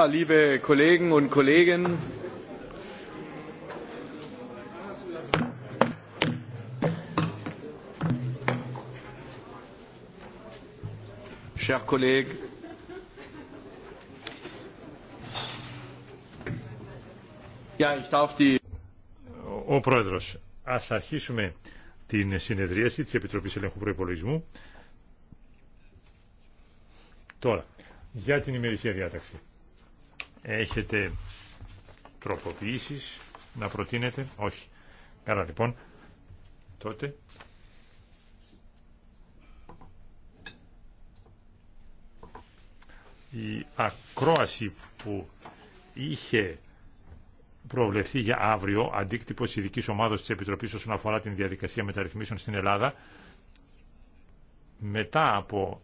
liebe Kollegen und Ο Πρόεδρος, ας αρχίσουμε την συνεδρίαση της Επιτροπής Ελέγχου Προϋπολογισμού. Τώρα, για την ημερησία διάταξη. Έχετε τροποποιήσεις να προτείνετε. Όχι. Καλά λοιπόν. Τότε. Η ακρόαση που είχε προβλεφθεί για αύριο αντίκτυπο ειδική ομάδα τη Επιτροπή όσον αφορά την διαδικασία μεταρρυθμίσεων στην Ελλάδα μετά από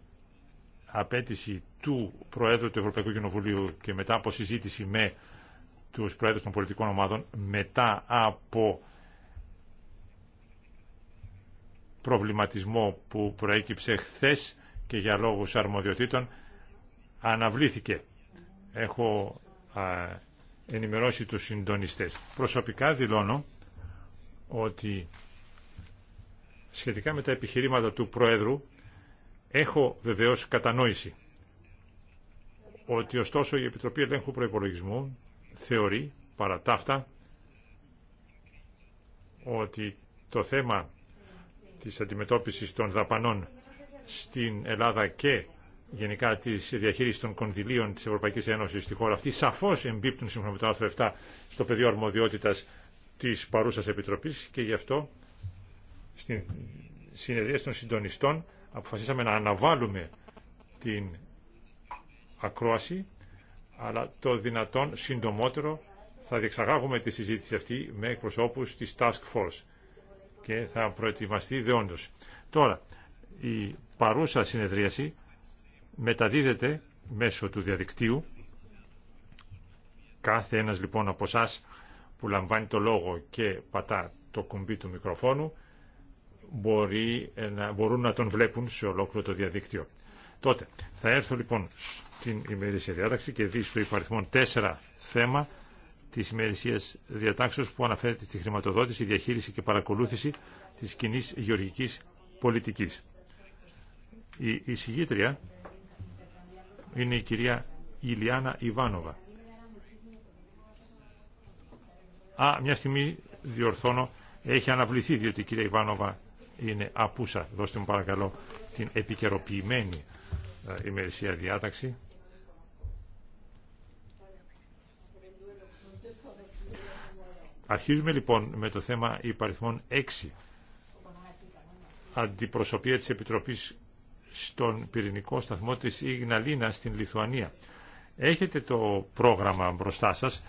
απέτηση του Προέδρου του Ευρωπαϊκού Κοινοβουλίου και μετά από συζήτηση με τους Προέδρους των πολιτικών ομάδων, μετά από προβληματισμό που προέκυψε χθες και για λόγους αρμοδιοτήτων, αναβλήθηκε. Έχω ενημερώσει τους συντονιστές. Προσωπικά δηλώνω ότι σχετικά με τα επιχειρήματα του Προέδρου Έχω βεβαίω κατανόηση ότι ωστόσο η Επιτροπή Ελέγχου Προπολογισμού θεωρεί παρά ότι το θέμα της αντιμετώπισης των δαπανών στην Ελλάδα και γενικά της διαχείρισης των κονδυλίων της Ευρωπαϊκής Ένωσης στη χώρα αυτή σαφώς εμπίπτουν σύμφωνα με το άρθρο 7 στο πεδίο αρμοδιότητας της παρούσας Επιτροπής και γι' αυτό στην συνεδρία των συντονιστών αποφασίσαμε να αναβάλουμε την ακρόαση, αλλά το δυνατόν συντομότερο θα διεξαγάγουμε τη συζήτηση αυτή με εκπροσώπους της Task Force και θα προετοιμαστεί δεόντως. Τώρα, η παρούσα συνεδρίαση μεταδίδεται μέσω του διαδικτύου. Κάθε ένας λοιπόν από εσά που λαμβάνει το λόγο και πατά το κουμπί του μικροφόνου μπορεί ε, να, μπορούν να τον βλέπουν σε ολόκληρο το διαδίκτυο. Τότε, θα έρθω λοιπόν στην ημερήσια διάταξη και δει στο υπαριθμό τέσσερα θέμα της ημερησία διατάξεως που αναφέρεται στη χρηματοδότηση, διαχείριση και παρακολούθηση της κοινή γεωργική πολιτικής. Η εισηγήτρια είναι η κυρία Ηλιάνα Ιβάνοβα. Α, μια στιγμή διορθώνω, έχει αναβληθεί διότι η κυρία Ιβάνοβα είναι απούσα. Δώστε μου παρακαλώ την επικαιροποιημένη ε, ημερησία διάταξη. Αρχίζουμε λοιπόν με το θέμα υπαριθμών 6. Αντιπροσωπεία της Επιτροπής στον πυρηνικό σταθμό της Ιγναλίνα στην Λιθουανία. Έχετε το πρόγραμμα μπροστά σας.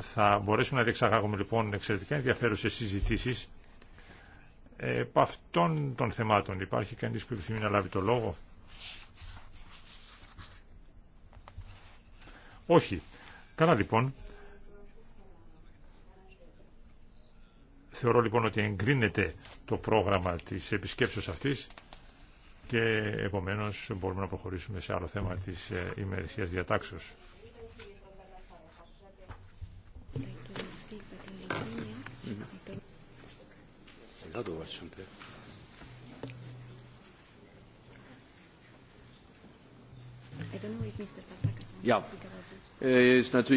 Θα μπορέσουμε να διεξαγάγουμε λοιπόν εξαιρετικά ενδιαφέρουσες συζητήσεις Επ' αυτών των θεμάτων υπάρχει κανείς που επιθυμεί να λάβει το λόγο. Όχι. Καλά λοιπόν. Θεωρώ λοιπόν ότι εγκρίνεται το πρόγραμμα της επισκέψεως αυτής και επομένως μπορούμε να προχωρήσουμε σε άλλο θέμα της ε, ημερησίας διατάξεως. Äh, ist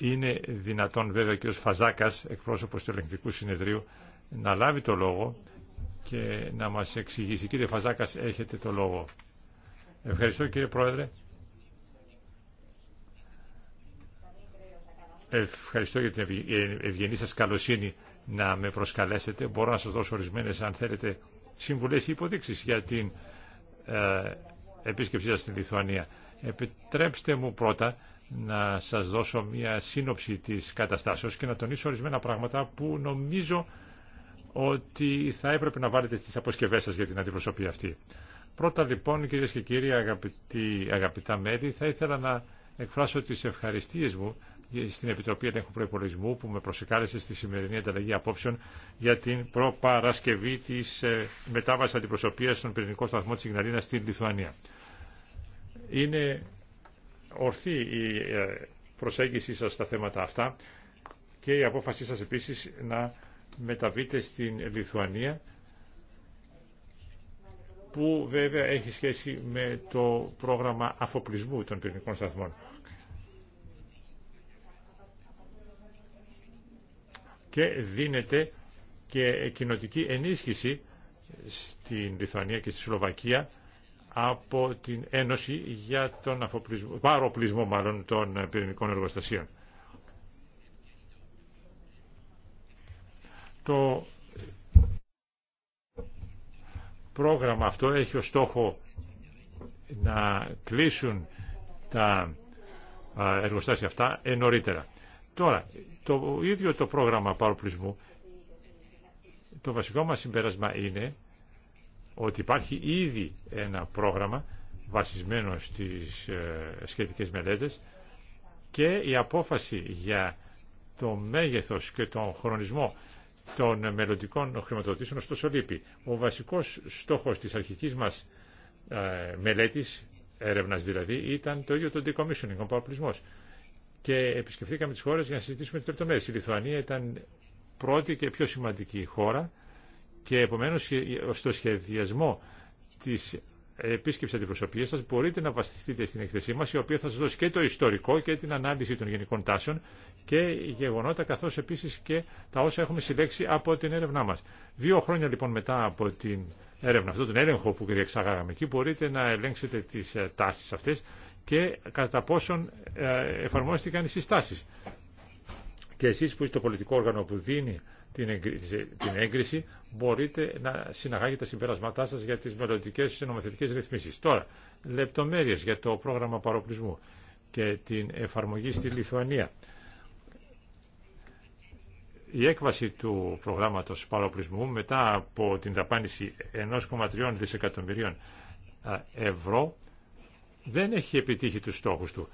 Είναι δυνατόν βέβαια ο κ. εκπρόσωπο εκπρόσωπος του ελεγκτικού συνεδρίου, να λάβει το λόγο και να μα εξηγήσει. Κύριε Φαζάκα, έχετε το λόγο. Ευχαριστώ κύριε Πρόεδρε. Ευχαριστώ για την ε, ευγενή σας καλοσύνη να με προσκαλέσετε. Μπορώ να σας δώσω ορισμένες, αν θέλετε, συμβουλές ή υποδείξεις για την ε, επίσκεψή σας στην Λιθουανία. Επιτρέψτε μου πρώτα να σας δώσω μια σύνοψη της καταστάσεως και να τονίσω ορισμένα πράγματα που νομίζω ότι θα έπρεπε να βάλετε στις αποσκευές σας για την αντιπροσωπή αυτή. Πρώτα λοιπόν κυρίες και κύριοι αγαπητά μέλη θα ήθελα να εκφράσω τις ευχαριστίες μου στην Επιτροπή Ελέγχου Προπολογισμού που με προσεκάλεσε στη σημερινή ανταλλαγή απόψεων για την προπαρασκευή τη ε, μετάβαση αντιπροσωπεία στον πυρηνικό σταθμό τη Ιγναλίνα στην Λιθουανία. Είναι ορθή η ε, προσέγγιση σας στα θέματα αυτά και η απόφασή σας επίσης να μεταβείτε στην Λιθουανία που βέβαια έχει σχέση με το πρόγραμμα αφοπλισμού των πυρηνικών σταθμών. και δίνεται και κοινοτική ενίσχυση στην Λιθουανία και στη Σλοβακία από την Ένωση για τον παροπλισμό μάλλον των πυρηνικών εργοστασίων. Το πρόγραμμα αυτό έχει ως στόχο να κλείσουν τα εργοστάσια αυτά νωρίτερα. Τώρα, το ίδιο το πρόγραμμα παροπλισμού, το βασικό μας συμπέρασμα είναι ότι υπάρχει ήδη ένα πρόγραμμα βασισμένο στις ε, σχετικές μελέτες και η απόφαση για το μέγεθος και τον χρονισμό των μελλοντικών χρηματοδοτήσεων στο λείπει. Ο βασικός στόχος της αρχικής μας ε, μελέτης, έρευνας δηλαδή, ήταν το ίδιο το decommissioning, ο παροπλισμός και επισκεφθήκαμε τις χώρες για να συζητήσουμε τις λεπτομέρειες. Η Λιθουανία ήταν πρώτη και πιο σημαντική χώρα και επομένως στο σχεδιασμό της επίσκεψη αντιπροσωπεία σα, μπορείτε να βασιστείτε στην εκθεσή μα, η οποία θα σα δώσει και το ιστορικό και την ανάλυση των γενικών τάσεων και γεγονότα, καθώ επίση και τα όσα έχουμε συλλέξει από την έρευνά μα. Δύο χρόνια λοιπόν μετά από την έρευνα, αυτόν τον έλεγχο που διεξάγαμε εκεί, μπορείτε να ελέγξετε τι τάσει αυτέ και κατά πόσον ε, εφαρμόστηκαν οι συστάσεις. Και εσείς που είστε το πολιτικό όργανο που δίνει την έγκριση μπορείτε να συναγάγετε τα συμπεράσματά σας για τις μελλοντικές νομοθετικές ρυθμίσεις. Τώρα, λεπτομέρειες για το πρόγραμμα παροπλισμού και την εφαρμογή στη Λιθουανία. Η έκβαση του προγράμματος παροπλισμού μετά από την δαπάνηση 1,3 δισεκατομμυρίων ε, ευρώ δεν έχει επιτύχει τους στόχους του.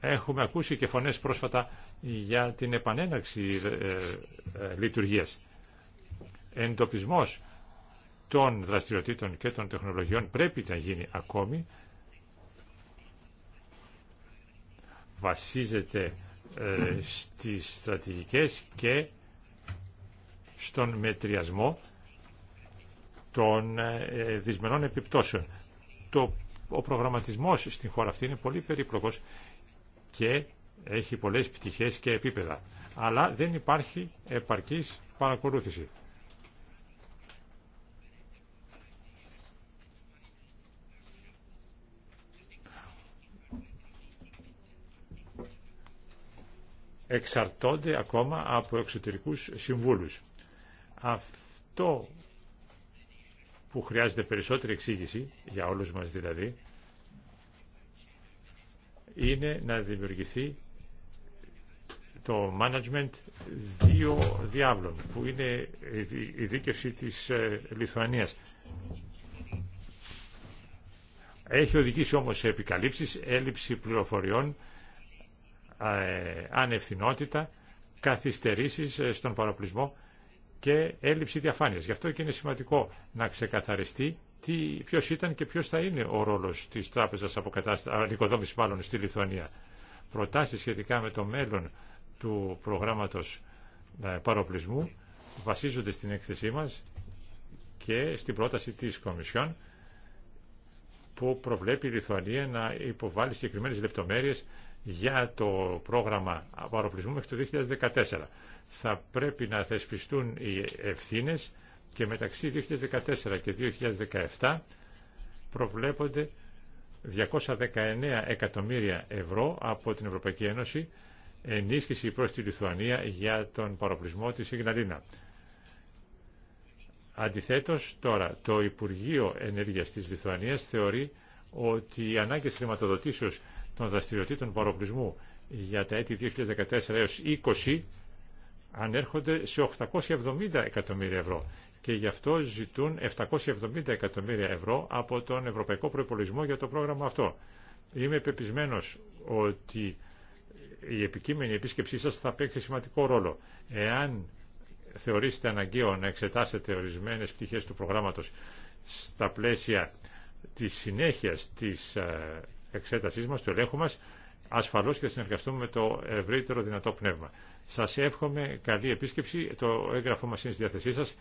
Έχουμε ακούσει και φωνές πρόσφατα για την επανέναρξη ε, ε, λειτουργίας. Εντοπισμός των δραστηριοτήτων και των τεχνολογιών πρέπει να γίνει ακόμη. Βασίζεται ε, στις στρατηγικές και στον μετριασμό των δυσμενών επιπτώσεων το, ο προγραμματισμός στην χώρα αυτή είναι πολύ περίπλοκος και έχει πολλές πτυχές και επίπεδα. Αλλά δεν υπάρχει επαρκής παρακολούθηση. εξαρτώνται ακόμα από εξωτερικούς συμβούλους. Αυτό που χρειάζεται περισσότερη εξήγηση, για όλους μας δηλαδή, είναι να δημιουργηθεί το management δύο διάβλων, που είναι η δίκευση της ε, Λιθουανίας. Έχει οδηγήσει όμως σε επικαλύψεις, έλλειψη πληροφοριών, ε, ανευθυνότητα, καθυστερήσεις ε, στον παραπλησμό και έλλειψη διαφάνειας. Γι' αυτό και είναι σημαντικό να ξεκαθαριστεί τι, ποιος ήταν και ποιος θα είναι ο ρόλος της τράπεζας αποκατάστασης, μάλλον στη Λιθουανία. Προτάσεις σχετικά με το μέλλον του προγράμματος ε, παροπλισμού βασίζονται στην έκθεσή μας και στην πρόταση της Κομισιόν που προβλέπει η Λιθουανία να υποβάλει συγκεκριμένες λεπτομέρειες για το πρόγραμμα παροπλισμού μέχρι το 2014. Θα πρέπει να θεσπιστούν οι ευθύνε και μεταξύ 2014 και 2017 προβλέπονται 219 εκατομμύρια ευρώ από την Ευρωπαϊκή Ένωση ενίσχυση προς τη Λιθουανία για τον παροπλισμό της Ιγναλίνα. Αντιθέτως τώρα το Υπουργείο Ενέργειας της Λιθουανίας θεωρεί ότι οι ανάγκες χρηματοδοτήσεως των δραστηριοτήτων παροπλισμού για τα έτη 2014 έως 20 ανέρχονται σε 870 εκατομμύρια ευρώ και γι' αυτό ζητούν 770 εκατομμύρια ευρώ από τον Ευρωπαϊκό Προϋπολογισμό για το πρόγραμμα αυτό. Είμαι πεπισμένος ότι η επικείμενη επίσκεψή σας θα παίξει σημαντικό ρόλο. Εάν θεωρήσετε αναγκαίο να εξετάσετε ορισμένες πτυχές του προγράμματος στα πλαίσια της συνέχειας της ε, εξέτασής μας, του ελέγχου μας, ασφαλώς και θα συνεργαστούμε με το ευρύτερο δυνατό πνεύμα. Σας εύχομαι καλή επίσκεψη, το έγγραφό μας είναι στη διάθεσή σας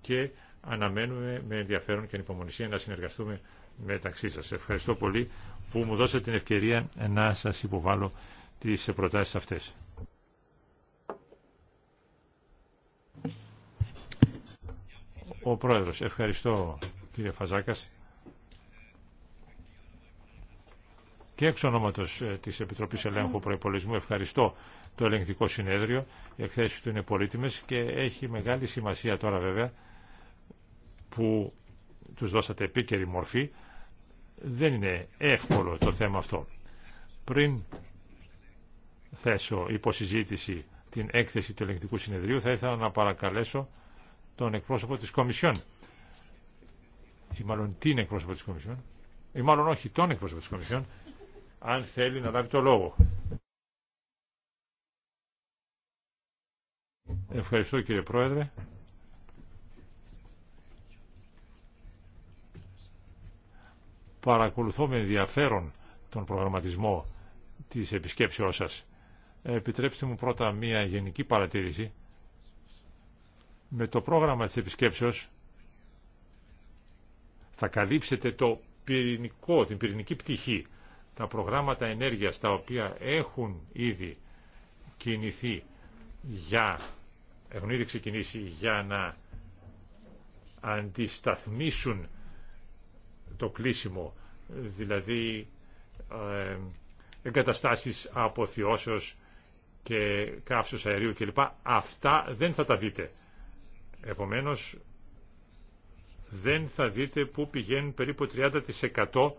και αναμένουμε με ενδιαφέρον και ανυπομονησία να συνεργαστούμε μεταξύ σας. Ευχαριστώ πολύ που μου δώσατε την ευκαιρία να σας υποβάλω τις προτάσεις αυτές. Ο Πρόεδρος, ευχαριστώ κύριε Φαζάκας. Και εξ ονόματος ε, της Επιτροπής Ελέγχου Προϋπολισμού ευχαριστώ το ελεγκτικό συνέδριο. Οι εκθέσεις του είναι πολύτιμες και έχει μεγάλη σημασία τώρα βέβαια που τους δώσατε επίκαιρη μορφή. Δεν είναι εύκολο το θέμα αυτό. Πριν θέσω υποσυζήτηση την έκθεση του ελεγκτικού συνεδρίου θα ήθελα να παρακαλέσω τον εκπρόσωπο της Κομισιόν. Ή μάλλον την εκπρόσωπο της Κομισιόν. Ή μάλλον όχι τον εκπρόσωπο της Κομισιόν, αν θέλει να λάβει το λόγο. Ευχαριστώ κύριε Πρόεδρε. Παρακολουθώ με ενδιαφέρον τον προγραμματισμό της επισκέψεώς σας. Επιτρέψτε μου πρώτα μία γενική παρατήρηση με το πρόγραμμα της επισκέψεως θα καλύψετε το πυρηνικό, την πυρηνική πτυχή, τα προγράμματα ενέργειας τα οποία έχουν ήδη κινηθεί για, έχουν ήδη ξεκινήσει για να αντισταθμίσουν το κλείσιμο, δηλαδή ε, εγκαταστάσεις αποθειώσεως και καύσος αερίου κλπ. Αυτά δεν θα τα δείτε Επομένως, δεν θα δείτε πού πηγαίνουν περίπου 30%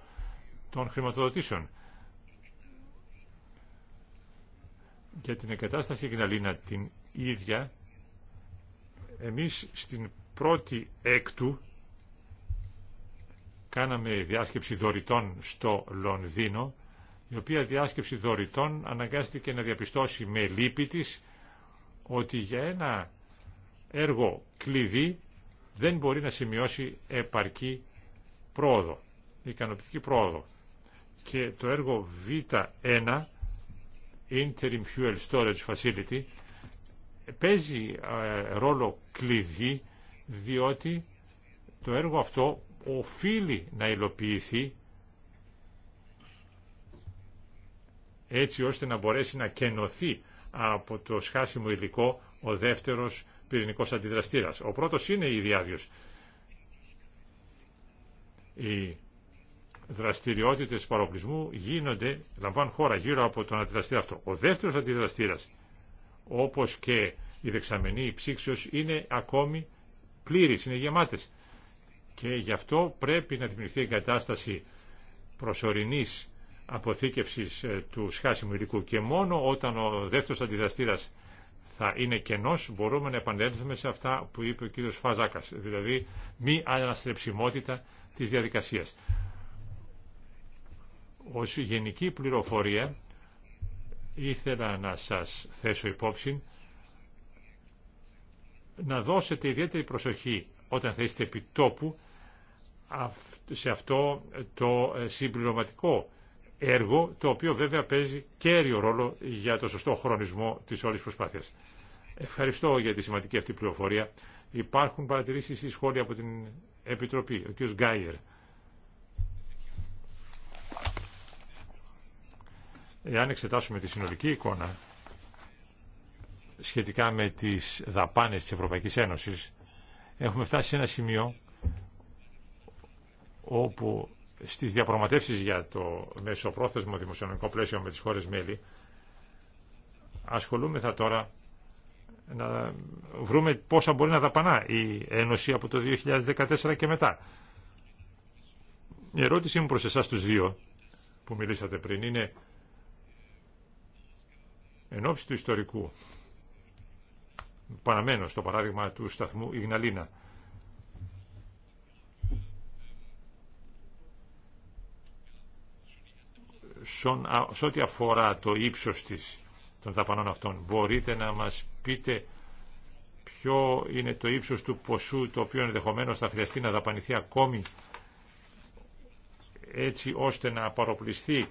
των χρηματοδοτήσεων. Για την εγκατάσταση Γναλίνα την ίδια, εμείς στην πρώτη έκτου κάναμε διάσκεψη δωρητών στο Λονδίνο, η οποία διάσκεψη δωρητών αναγκάστηκε να διαπιστώσει με λύπη της ότι για ένα έργο κλειδί δεν μπορεί να σημειώσει επαρκή πρόοδο, ικανοποιητική πρόοδο. Και το έργο Β1, Interim Fuel Storage Facility, παίζει ε, ρόλο κλειδί διότι το έργο αυτό οφείλει να υλοποιηθεί έτσι ώστε να μπορέσει να κενωθεί από το σχάσιμο υλικό ο δεύτερος Πυρηνικό αντιδραστήρα. Ο πρώτο είναι η διάδιος, Οι δραστηριότητε παροπλισμού γίνονται, λαμβάνουν χώρα γύρω από τον αντιδραστήρα αυτό. Ο δεύτερος αντιδραστήρας, όπως και η δεξαμενή ψήξεω, είναι ακόμη πλήρη, είναι γεμάτε. Και γι' αυτό πρέπει να δημιουργηθεί η κατάσταση προσωρινής αποθήκευση ε, του σχάσιμου υλικού και μόνο όταν ο δεύτερο αντιδραστήρα θα είναι κενός, μπορούμε να επανέλθουμε σε αυτά που είπε ο κύριος Φαζάκας, δηλαδή μη αναστρεψιμότητα της διαδικασίας. Ως γενική πληροφορία ήθελα να σας θέσω υπόψη να δώσετε ιδιαίτερη προσοχή όταν θα είστε επί σε αυτό το ε, συμπληρωματικό έργο το οποίο βέβαια παίζει κέριο ρόλο για το σωστό χρονισμό της όλης προσπάθειας. Ευχαριστώ για τη σημαντική αυτή πληροφορία. Υπάρχουν παρατηρήσεις ή σχόλια από την Επιτροπή. Ο κ. Γκάιερ. Εάν εξετάσουμε τη συνολική εικόνα σχετικά με τις δαπάνες της Ευρωπαϊκής Ένωσης έχουμε φτάσει σε ένα σημείο όπου στις διαπραγματεύσεις για το μεσοπρόθεσμο δημοσιονομικό πλαίσιο με τις χώρες μέλη ασχολούμεθα τώρα να βρούμε πόσα μπορεί να δαπανά η Ένωση από το 2014 και μετά. Η ερώτησή μου προς εσάς τους δύο που μιλήσατε πριν είναι εν ώψη του ιστορικού παραμένω στο παράδειγμα του σταθμού Ιγναλίνα σε ό,τι αφορά το ύψος της των δαπανών αυτών, μπορείτε να μας πείτε ποιο είναι το ύψος του ποσού το οποίο ενδεχομένω θα χρειαστεί να δαπανηθεί ακόμη έτσι ώστε να παροπληστεί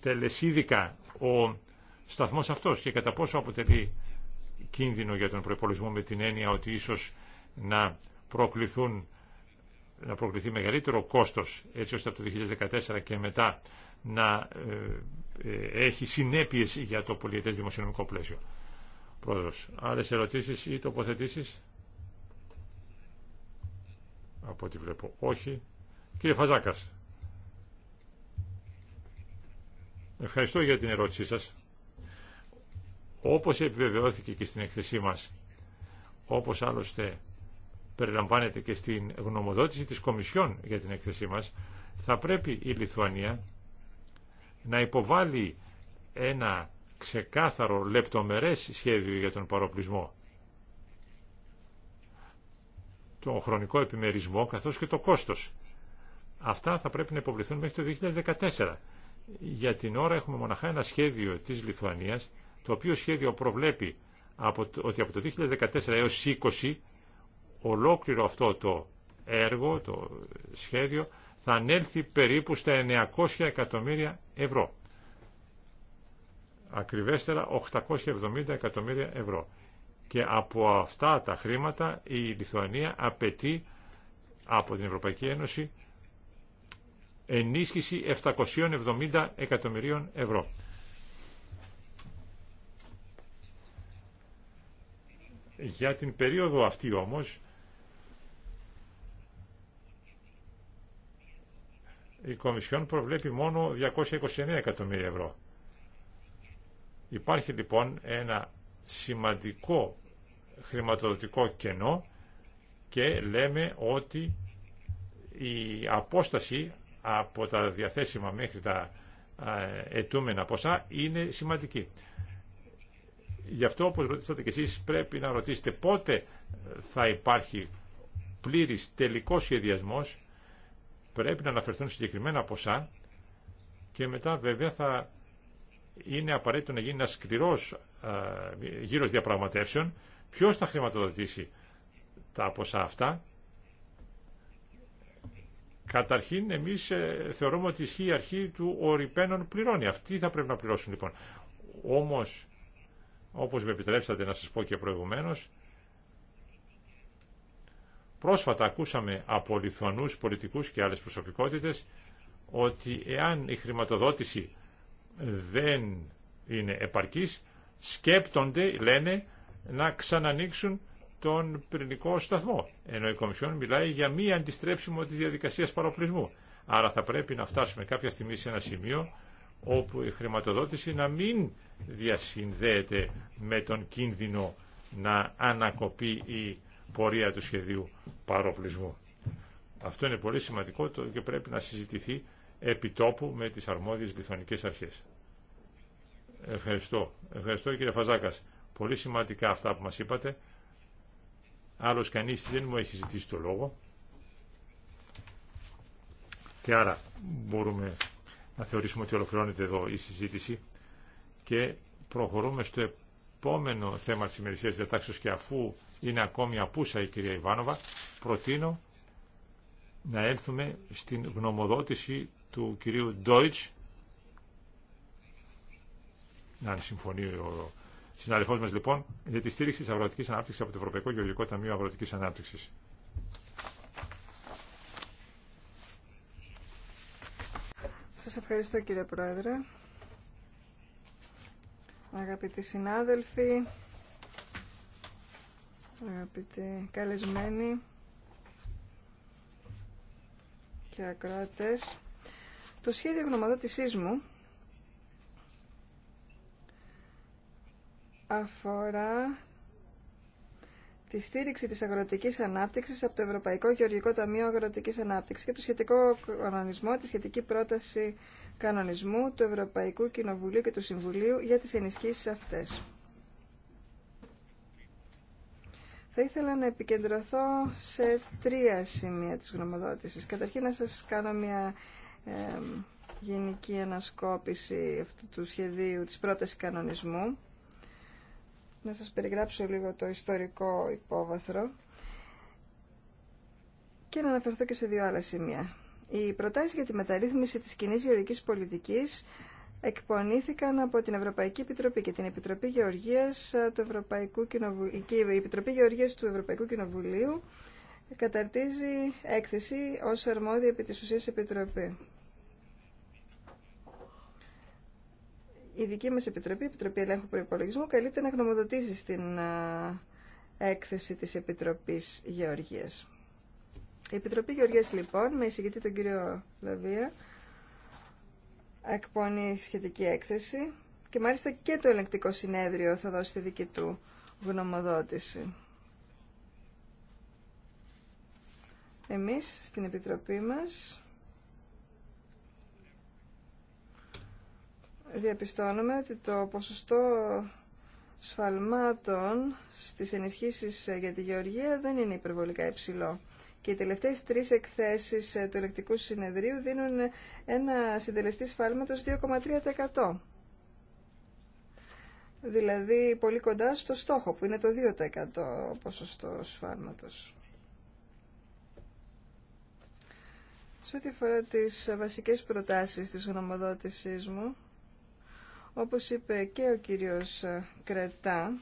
τελεσίδικα ο σταθμός αυτός και κατά πόσο αποτελεί κίνδυνο για τον προπολογισμό με την έννοια ότι ίσως να προκληθούν να προκληθεί μεγαλύτερο κόστος έτσι ώστε από το 2014 και μετά να ε, ε, έχει συνέπειες για το πολιετές δημοσιονομικό πλαίσιο. Πρόεδρος, άλλες ερωτήσεις ή τοποθετήσεις. Από ό,τι βλέπω όχι. Κύριε Φαζάκας. Ευχαριστώ για την ερώτησή σας. Όπως επιβεβαιώθηκε και στην εκθεσή μας, όπως άλλωστε περιλαμβάνεται και στην γνωμοδότηση της Κομισιόν για την έκθεσή μας, θα πρέπει η Λιθουανία να υποβάλει ένα ξεκάθαρο λεπτομερές σχέδιο για τον παροπλισμό, το χρονικό επιμερισμό καθώς και το κόστος. Αυτά θα πρέπει να υποβληθούν μέχρι το 2014. Για την ώρα έχουμε μοναχά ένα σχέδιο της Λιθουανίας, το οποίο σχέδιο προβλέπει από ότι από το 2014 έως 20 ολόκληρο αυτό το έργο, το σχέδιο, θα ανέλθει περίπου στα 900 εκατομμύρια ευρώ. Ακριβέστερα 870 εκατομμύρια ευρώ. Και από αυτά τα χρήματα η Λιθουανία απαιτεί από την Ευρωπαϊκή Ένωση ενίσχυση 770 εκατομμυρίων ευρώ. Για την περίοδο αυτή όμως η Κομισιόν προβλέπει μόνο 229 εκατομμύρια ευρώ. Υπάρχει λοιπόν ένα σημαντικό χρηματοδοτικό κενό και λέμε ότι η απόσταση από τα διαθέσιμα μέχρι τα ετούμενα ποσά είναι σημαντική. Γι' αυτό, όπως ρωτήσατε και εσείς, πρέπει να ρωτήσετε πότε θα υπάρχει πλήρης τελικός σχεδιασμός πρέπει να αναφερθούν συγκεκριμένα ποσά και μετά βέβαια θα είναι απαραίτητο να γίνει ένα σκληρό γύρος διαπραγματεύσεων Ποιο θα χρηματοδοτήσει τα ποσά αυτά. Καταρχήν εμείς ε, θεωρούμε ότι ισχύει η αρχή του ορυπαίνων πληρώνει. Αυτοί θα πρέπει να πληρώσουν λοιπόν. Όμως, όπως με επιτρέψατε να σας πω και προηγουμένω. Πρόσφατα ακούσαμε από Λιθουανούς πολιτικούς και άλλες προσωπικότητες ότι εάν η χρηματοδότηση δεν είναι επαρκής, σκέπτονται, λένε, να ξανανοίξουν τον πυρηνικό σταθμό. Ενώ η Κομισιόν μιλάει για μη αντιστρέψιμο τη διαδικασία παροπλισμού. Άρα θα πρέπει να φτάσουμε κάποια στιγμή σε ένα σημείο όπου η χρηματοδότηση να μην διασυνδέεται με τον κίνδυνο να ανακοπεί η πορεία του σχεδίου παροπλισμού. Αυτό είναι πολύ σημαντικό και πρέπει να συζητηθεί τόπου με τις αρμόδιες λιθωνικές αρχές. Ευχαριστώ. Ευχαριστώ κύριε Φαζάκας. Πολύ σημαντικά αυτά που μας είπατε. Άλλος κανείς δεν μου έχει ζητήσει το λόγο. Και άρα μπορούμε να θεωρήσουμε ότι ολοκληρώνεται εδώ η συζήτηση και προχωρούμε στο επόμενο θέμα της ημερησίας διατάξεως και αφού είναι ακόμη απούσα η κυρία Ιβάνοβα, προτείνω να έλθουμε στην γνωμοδότηση του κυρίου Ντόιτς, να συμφωνεί ο συναδελφός μας λοιπόν, για τη στήριξη της αγροτικής ανάπτυξης από το Ευρωπαϊκό Γεωργικό Ταμείο Αγροτικής Ανάπτυξης. Σας ευχαριστώ κύριε Πρόεδρε. Αγαπητοί συνάδελφοι, αγαπητοί καλεσμένοι και ακροατές. Το σχέδιο γνωμοδότησή μου αφορά τη στήριξη της αγροτικής ανάπτυξης από το Ευρωπαϊκό Γεωργικό Ταμείο Αγροτικής Ανάπτυξης και το σχετικό κανονισμό, τη σχετική πρόταση κανονισμού του Ευρωπαϊκού Κοινοβουλίου και του Συμβουλίου για τις ενισχύσεις αυτές. Θα ήθελα να επικεντρωθώ σε τρία σημεία της γνωμοδότησης. Καταρχήν να σας κάνω μια γενική ανασκόπηση αυτού του σχεδίου της πρότασης κανονισμού. Να σας περιγράψω λίγο το ιστορικό υπόβαθρο και να αναφερθώ και σε δύο άλλα σημεία. Η προτάσει για τη μεταρρύθμιση της κοινή γεωργικής πολιτικής εκπονήθηκαν από την Ευρωπαϊκή Επιτροπή και την Επιτροπή Γεωργίας ε, του Ευρωπαϊκού Κοινοβουλίου. η Επιτροπή Γεωργίας του Ευρωπαϊκού Κοινοβουλίου καταρτίζει έκθεση ως αρμόδια επί της ουσίας Επιτροπή. Η δική μας Επιτροπή, η Επιτροπή Ελέγχου Προϋπολογισμού, καλείται να γνωμοδοτήσει στην ε, έκθεση της Επιτροπής Γεωργίας. Η Επιτροπή Γεωργίας, λοιπόν, με εισηγητή τον κύριο Λαβία, εκπονεί σχετική έκθεση και μάλιστα και το ελεγκτικό συνέδριο θα δώσει τη δική του γνωμοδότηση. Εμείς στην Επιτροπή μας διαπιστώνουμε ότι το ποσοστό σφαλμάτων στις ενισχύσεις για τη γεωργία δεν είναι υπερβολικά υψηλό. Και οι τελευταίες τρεις εκθέσεις ε, του ελεκτικού συνεδρίου δίνουν ε, ένα συντελεστή σφάλματος 2,3%. Δηλαδή πολύ κοντά στο στόχο που είναι το 2% ποσοστό σφάλματος. Σε ό,τι αφορά τις βασικές προτάσεις της γνωμοδότησής μου, όπως είπε και ο κύριος ε, Κρετά,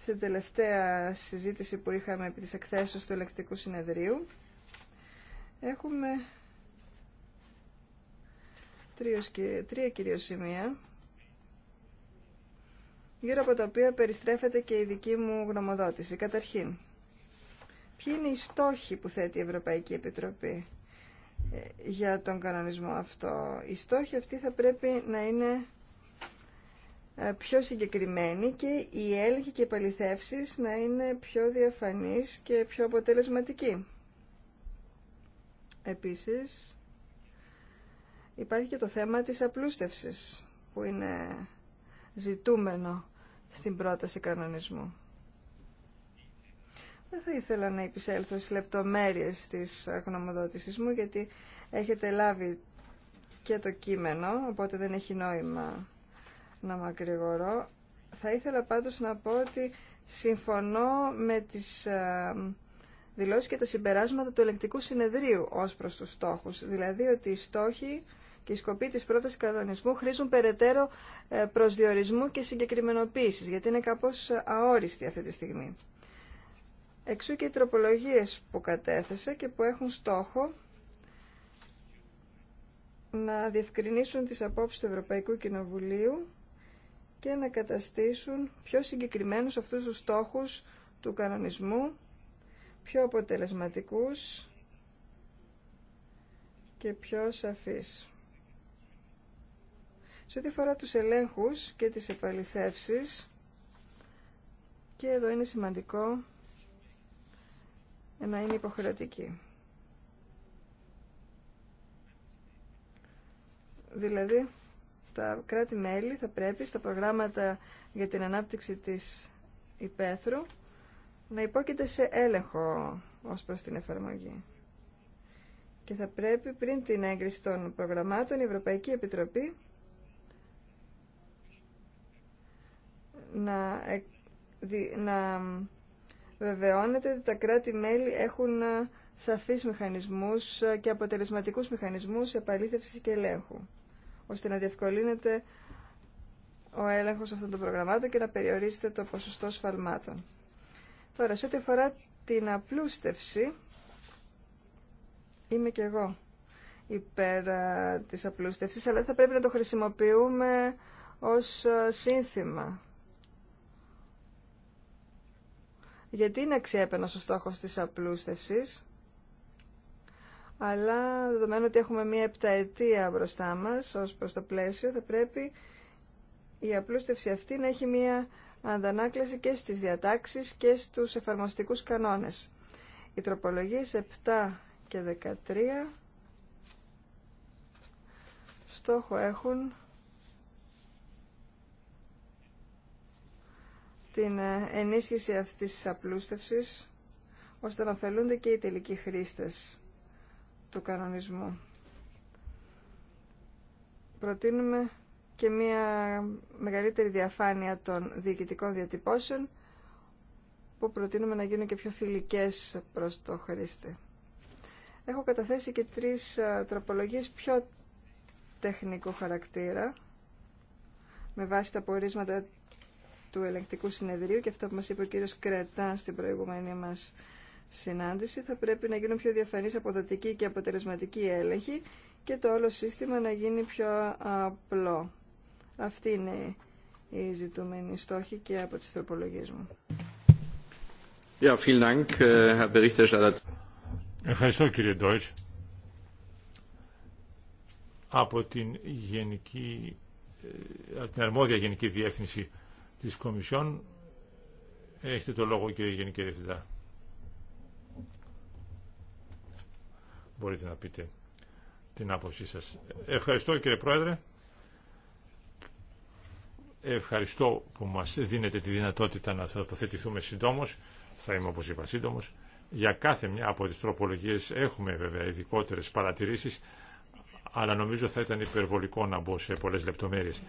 στην τελευταία συζήτηση που είχαμε επί της εκθέσεως του ελεκτικού συνεδρίου. Έχουμε τρία κυρίως σημεία, γύρω από τα οποία περιστρέφεται και η δική μου γνωμοδότηση. Καταρχήν, ποιοι είναι οι στόχοι που θέτει η Ευρωπαϊκή Επιτροπή ε, για τον κανονισμό αυτό. Οι στόχοι αυτοί θα πρέπει να είναι ε, πιο συγκεκριμένη και οι έλεγχοι και οι να είναι πιο διαφανείς και πιο αποτελεσματικοί. Επίσης, υπάρχει και το θέμα της απλούστευσης που είναι ζητούμενο στην πρόταση κανονισμού. Δεν θα ήθελα να επισέλθω στις λεπτομέρειες της γνωμοδότησης μου γιατί έχετε λάβει και το κείμενο, οπότε δεν έχει νόημα να μακρηγορώ. Θα ήθελα πάντως να πω ότι συμφωνώ με τις ε, δηλώσεις και τα συμπεράσματα του ελεκτικού συνεδρίου ως προς τους στόχους. Δηλαδή ότι οι στόχοι και οι σκοποί της πρότασης κανονισμού χρήζουν περαιτέρω ε, προσδιορισμού και συγκεκριμενοποίησης, γιατί είναι κάπως ε, αόριστη αυτή τη στιγμή. Εξού και οι τροπολογίες που κατέθεσα και που έχουν στόχο να διευκρινίσουν τις απόψεις του Ευρωπαϊκού Κοινοβουλίου και να καταστήσουν πιο συγκεκριμένους αυτούς τους στόχους του κανονισμού, πιο αποτελεσματικούς και πιο σαφείς. Σε ό,τι αφορά τους ελέγχους και τις επαληθεύσεις, και εδώ είναι σημαντικό να είναι υποχρεωτική. Δηλαδή, τα κράτη-μέλη θα πρέπει στα προγράμματα για την ανάπτυξη της υπαίθρου να υπόκειται σε έλεγχο ως προς την εφαρμογή. Και θα πρέπει πριν την έγκριση των προγραμμάτων η Ευρωπαϊκή Επιτροπή να, βεβαιώνεται ότι τα κράτη-μέλη έχουν σαφείς μηχανισμούς και αποτελεσματικούς μηχανισμούς επαλήθευσης και ελέγχου ώστε να διευκολύνεται ο έλεγχος αυτών των προγραμμάτων και να περιορίσετε το ποσοστό σφαλμάτων. Τώρα, σε ό,τι αφορά την απλούστευση, είμαι και εγώ υπέρ της απλούστευσης, αλλά θα πρέπει να το χρησιμοποιούμε ως σύνθημα. Γιατί είναι αξιέπαινος ο στόχος της απλούστευσης, αλλά δεδομένου ότι έχουμε μία επταετία μπροστά μας ως προς το πλαίσιο, θα πρέπει η απλούστευση αυτή να έχει μία αντανάκλαση και στις διατάξεις και στους εφαρμοστικούς κανόνες. Οι τροπολογίες 7 και 13 στόχο έχουν την ε, ενίσχυση αυτής της απλούστευσης ώστε να ωφελούνται και οι τελικοί χρήστες του κανονισμού. Προτείνουμε και μια μεγαλύτερη διαφάνεια των διοικητικών διατυπώσεων που προτείνουμε να γίνουν και πιο φιλικές προς το χρήστη. Έχω καταθέσει και τρεις τροπολογίες πιο τεχνικού χαρακτήρα με βάση τα πορίσματα του ελεγκτικού συνεδρίου και αυτό που μας είπε ο κύριος Κρετά στην προηγούμενη μας συνάντηση θα πρέπει να γίνουν πιο διαφανείς αποδοτικοί και αποτελεσματικοί έλεγχοι και το όλο σύστημα να γίνει πιο απλό. Αυτή είναι η ζητούμενη στόχη και από τις τροπολογίες μου. Äh, Ευχαριστώ κύριε Ντόιτς. Από την, γενική, ε, από την αρμόδια Γενική Διεύθυνση της Κομισιόν έχετε το λόγο κύριε Γενική Διευθυντά. μπορείτε να πείτε την άποψή σας. Ευχαριστώ κύριε Πρόεδρε. Ευχαριστώ που μας δίνετε τη δυνατότητα να τοποθετηθούμε συντόμως. Θα είμαι όπως είπα σύντομος. Για κάθε μια από τις τροπολογίες έχουμε βέβαια ειδικότερε παρατηρήσεις, αλλά νομίζω θα ήταν υπερβολικό να μπω σε πολλές λεπτομέρειες.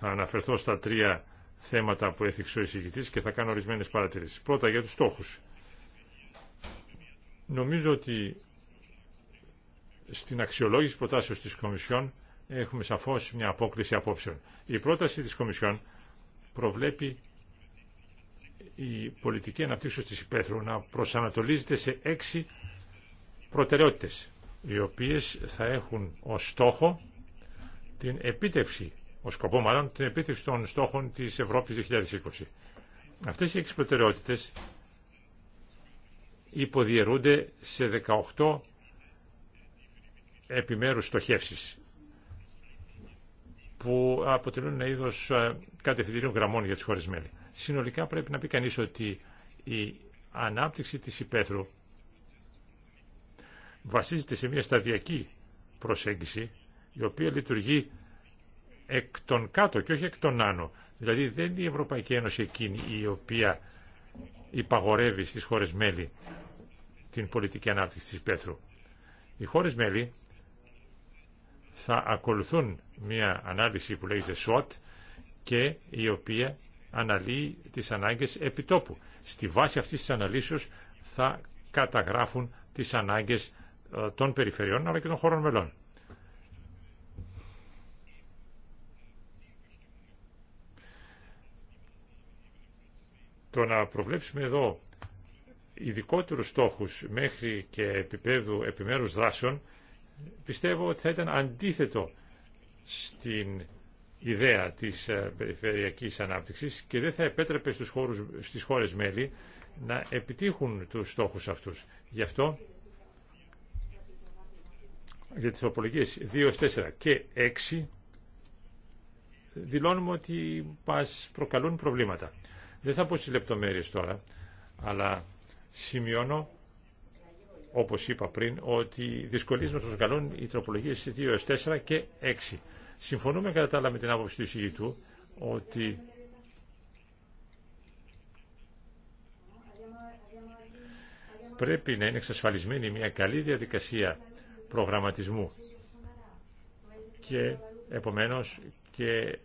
Θα αναφερθώ στα τρία θέματα που έθιξε ο εισηγητής και θα κάνω ορισμένες παρατηρήσεις. Πρώτα για τους στόχους. Νομίζω ότι στην αξιολόγηση προτάσεως της Κομισιόν έχουμε σαφώς μια απόκληση απόψεων. Η πρόταση της Κομισιόν προβλέπει η πολιτική αναπτύξεως της υπαίθρου να προσανατολίζεται σε έξι προτεραιότητες, οι οποίες θα έχουν ως στόχο την επίτευξη ο σκοπό μάλλον την επίτευξη των στόχων της Ευρώπης 2020. Αυτές οι εξωτερότητες υποδιαιρούνται σε 18 επιμέρους στοχεύσεις που αποτελούν ένα είδος ε, κατευθυντήριων γραμμών για τις χώρες μέλη. Συνολικά πρέπει να πει κανείς ότι η ανάπτυξη της υπαίθρου βασίζεται σε μια σταδιακή προσέγγιση η οποία λειτουργεί εκ των κάτω και όχι εκ των άνω. Δηλαδή δεν είναι η Ευρωπαϊκή Ένωση εκείνη η οποία υπαγορεύει στις χώρες μέλη την πολιτική ανάπτυξη της Πέθρου. Οι χώρες μέλη θα ακολουθούν μια ανάλυση που λέγεται SWOT και η οποία αναλύει τις ανάγκες επιτόπου. Στη βάση αυτής της αναλύσεως θα καταγράφουν τις ανάγκες ε, των περιφερειών αλλά και των χωρών μελών. Το να προβλέψουμε εδώ ειδικότερου στόχους μέχρι και επίπεδου επιμέρους δράσεων πιστεύω ότι θα ήταν αντίθετο στην ιδέα της ε, περιφερειακής ανάπτυξης και δεν θα επέτρεπε στους χώρους, στις χώρες μέλη να επιτύχουν τους στόχους αυτούς. Γι' αυτό για τις τροπολογίες 2, 4 και 6 δηλώνουμε ότι μας προκαλούν προβλήματα. Δεν θα πω στις λεπτομέρειες τώρα, αλλά σημειώνω, όπως είπα πριν, ότι δυσκολίες μας προσκαλούν οι τροπολογίες 2 4 και 6. Συμφωνούμε κατά τα άλλα με την άποψη του εισηγητού ότι πρέπει να είναι εξασφαλισμένη μια καλή διαδικασία προγραμματισμού και επομένως και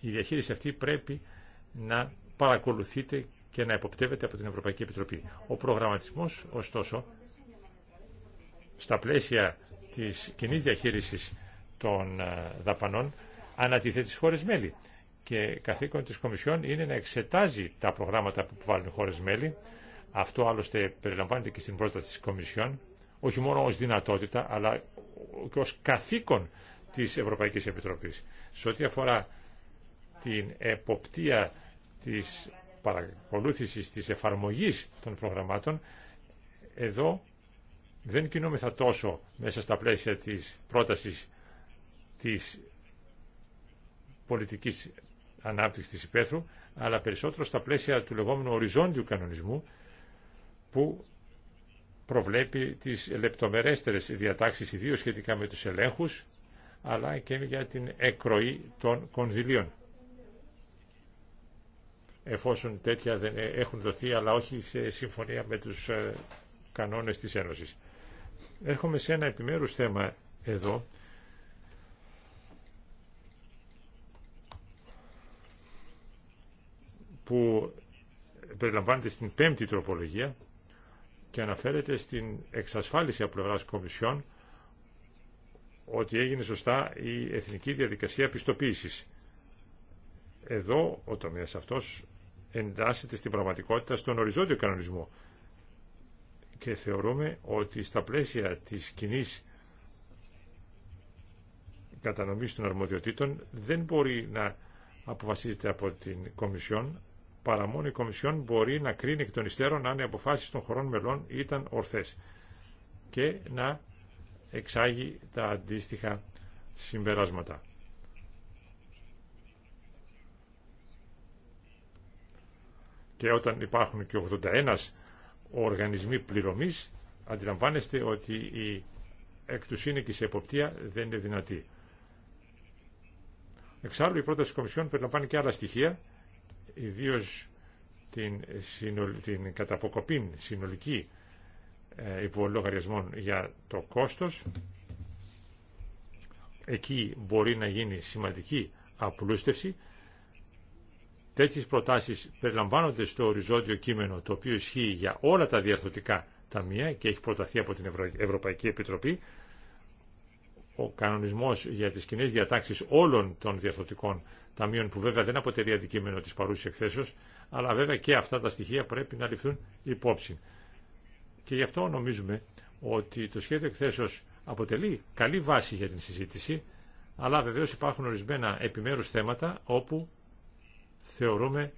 η διαχείριση αυτή πρέπει να παρακολουθείτε και να εποπτεύεται από την Ευρωπαϊκή Επιτροπή. Ο προγραμματισμός, ωστόσο, στα πλαίσια της κοινή διαχείρισης των ε, δαπανών, ανατίθεται στις χώρες μέλη. Και καθήκον της Κομισιόν είναι να εξετάζει τα προγράμματα που βάλουν οι χώρες μέλη. Αυτό άλλωστε περιλαμβάνεται και στην πρόταση της Κομισιόν, όχι μόνο ως δυνατότητα, αλλά και ως καθήκον της Ευρωπαϊκής Επιτροπής. Σε ό,τι αφορά την εποπτεία της παρακολούθησης της εφαρμογής των προγραμμάτων, εδώ δεν κινούμεθα τόσο μέσα στα πλαίσια της πρότασης της πολιτικής ανάπτυξης της υπαίθρου, αλλά περισσότερο στα πλαίσια του λεγόμενου οριζόντιου κανονισμού, που προβλέπει τις λεπτομερέστερες διατάξεις ιδίως σχετικά με τους ελέγχους αλλά και για την εκροή των κονδυλίων εφόσον τέτοια δεν ε, έχουν δοθεί αλλά όχι σε συμφωνία με τους ε, κανόνες της Ένωσης. Έρχομαι σε ένα επιμέρους θέμα εδώ. που περιλαμβάνεται στην πέμπτη τροπολογία και αναφέρεται στην εξασφάλιση από πλευράς Κομισιών ότι έγινε σωστά η εθνική διαδικασία πιστοποίησης. Εδώ ο τομέας αυτός εντάσσεται στην πραγματικότητα στον οριζόντιο κανονισμό. Και θεωρούμε ότι στα πλαίσια της κοινή κατανομής των αρμοδιοτήτων δεν μπορεί να αποφασίζεται από την Κομισιόν, παρά μόνο η Κομισιόν μπορεί να κρίνει εκ των υστέρων αν οι αποφάσεις των χωρών μελών ήταν ορθές και να εξάγει τα αντίστοιχα συμπεράσματα. και όταν υπάρχουν και 81 οργανισμοί πληρωμής, αντιλαμβάνεστε ότι η η εποπτεία δεν είναι δυνατή. Εξάλλου η πρόταση της Κομισιόν περιλαμβάνει και άλλα στοιχεία, ιδίω την, την καταποκοπή συνολική ε, υπολογαριασμών για το κόστος. Εκεί μπορεί να γίνει σημαντική απλούστευση Τέτοιε προτάσει περιλαμβάνονται στο οριζόντιο κείμενο το οποίο ισχύει για όλα τα διαρθωτικά ταμεία και έχει προταθεί από την Ευρωπαϊκή Επιτροπή. Ο κανονισμό για τι κοινέ διατάξει όλων των διαρθωτικών ταμείων που βέβαια δεν αποτελεί αντικείμενο τη παρούση εκθέσεω, αλλά βέβαια και αυτά τα στοιχεία πρέπει να ληφθούν υπόψη. Και γι' αυτό νομίζουμε ότι το σχέδιο εκθέσεω αποτελεί καλή βάση για την συζήτηση αλλά βεβαίω υπάρχουν ορισμένα επιμέρου θέματα όπου θεωρούμε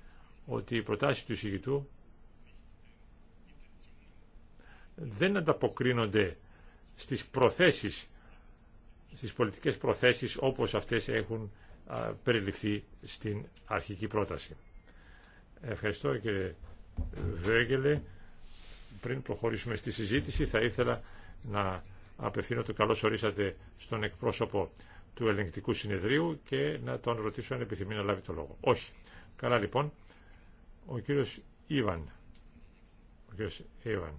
ότι οι προτάσεις του εισηγητού δεν ανταποκρίνονται στις προθέσεις, στις πολιτικές προθέσεις όπως αυτές έχουν περιληφθεί στην αρχική πρόταση. Ευχαριστώ κύριε Βέγγελε. Πριν προχωρήσουμε στη συζήτηση θα ήθελα να απευθύνω το καλό ορίσατε στον εκπρόσωπο του ελεγκτικού συνεδρίου και να τον ρωτήσω αν επιθυμεί να λάβει το λόγο. Όχι. Καλά λοιπόν, ο κύριος Ιβαν. Ο κύριος Ιβαν.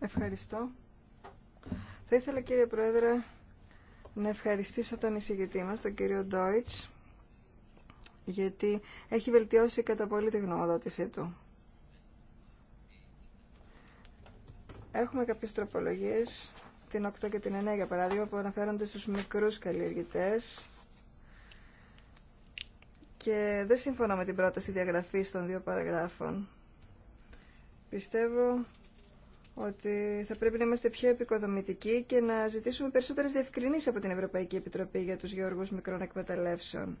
Ευχαριστώ. Θα ήθελα κύριε Πρόεδρε να ευχαριστήσω τον εισηγητή μας, τον κύριο Ντόιτς, γιατί έχει βελτιώσει κατά πολύ τη γνωμοδότησή του. Έχουμε κάποιες τροπολογίες, την 8 και την 9 για παράδειγμα, που αναφέρονται στους μικρούς καλλιεργητές και δεν συμφωνώ με την πρόταση διαγραφής των δύο παραγράφων. Πιστεύω ότι θα πρέπει να είμαστε πιο επικοδομητικοί και να ζητήσουμε περισσότερες διευκρινήσεις από την Ευρωπαϊκή Επιτροπή για τους γεωργούς μικρών εκμεταλλεύσεων.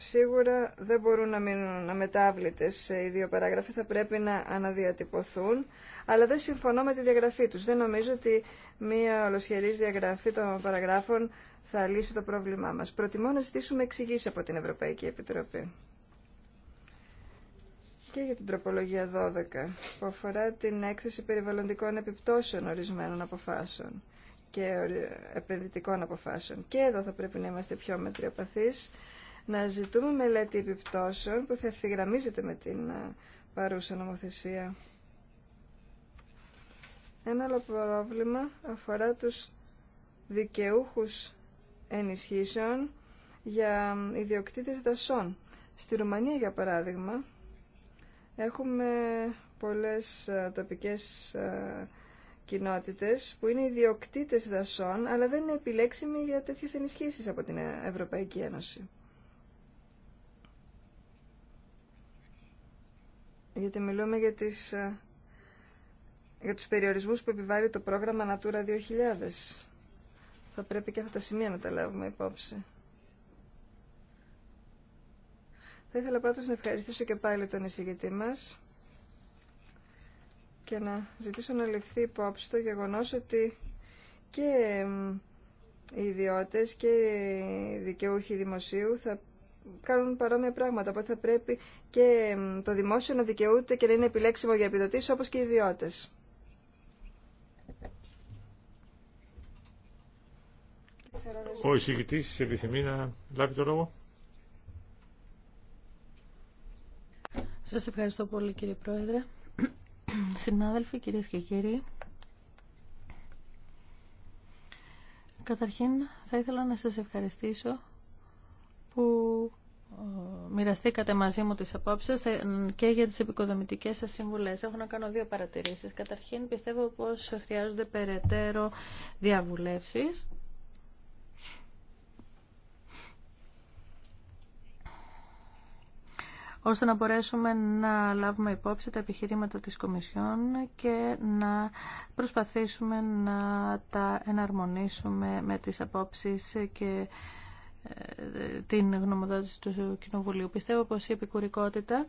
Σίγουρα δεν μπορούν να μείνουν αμετάβλητες οι δύο παράγραφοι, θα πρέπει να αναδιατυπωθούν, αλλά δεν συμφωνώ με τη διαγραφή τους. Δεν νομίζω ότι μία ολοσχερής διαγραφή των παραγράφων θα λύσει το πρόβλημά μας. Προτιμώ να ζητήσουμε εξηγήσει από την Ευρωπαϊκή Επιτροπή. Και για την τροπολογία 12, που αφορά την έκθεση περιβαλλοντικών επιπτώσεων ορισμένων αποφάσεων και επενδυτικών αποφάσεων. Και εδώ θα πρέπει να είμαστε πιο μετριοπαθείς να ζητούμε μελέτη επιπτώσεων που θα ευθυγραμμίζεται με την ε, παρούσα νομοθεσία. Ένα άλλο πρόβλημα αφορά τους δικαιούχους ενισχύσεων για ιδιοκτήτες δασών. Στη Ρουμανία, για παράδειγμα, έχουμε πολλές ε, τοπικές ε, κοινότητες που είναι ιδιοκτήτες δασών, αλλά δεν είναι επιλέξιμοι για τέτοιες ενισχύσεις από την Ευρωπαϊκή Ένωση. γιατί μιλούμε για, τις, ε, για τους περιορισμούς που επιβάλλει το πρόγραμμα Natura 2000. Θα πρέπει και αυτά τα σημεία να τα λάβουμε υπόψη. Θα ήθελα πάντως να ευχαριστήσω και πάλι τον εισηγητή μας και να ζητήσω να ληφθεί υπόψη το γεγονός ότι και οι ιδιώτες και οι δικαιούχοι δημοσίου θα κάνουν παρόμοια πράγματα. Οπότε θα πρέπει και το δημόσιο να δικαιούται και να είναι επιλέξιμο για επιδοτήσει, όπω και οι ιδιώτες. Ο εισηγητή επιθυμεί να λάβει το λόγο. Σας ευχαριστώ πολύ κύριε Πρόεδρε. Συνάδελφοι, κύριε και κύριοι. Καταρχήν θα ήθελα να σας ευχαριστήσω που ε, μοιραστήκατε μαζί μου τις απόψεις ε, και για τις επικοδομητικές σας συμβουλές. Έχω να κάνω δύο παρατηρήσεις. Καταρχήν πιστεύω πως χρειάζονται περαιτέρω διαβουλεύσεις. ώστε να μπορέσουμε να λάβουμε υπόψη τα επιχειρήματα της Κομισιόν και να προσπαθήσουμε να τα εναρμονίσουμε με τις απόψεις και την γνωμοδότηση του Κοινοβουλίου. Πιστεύω πως η επικουρικότητα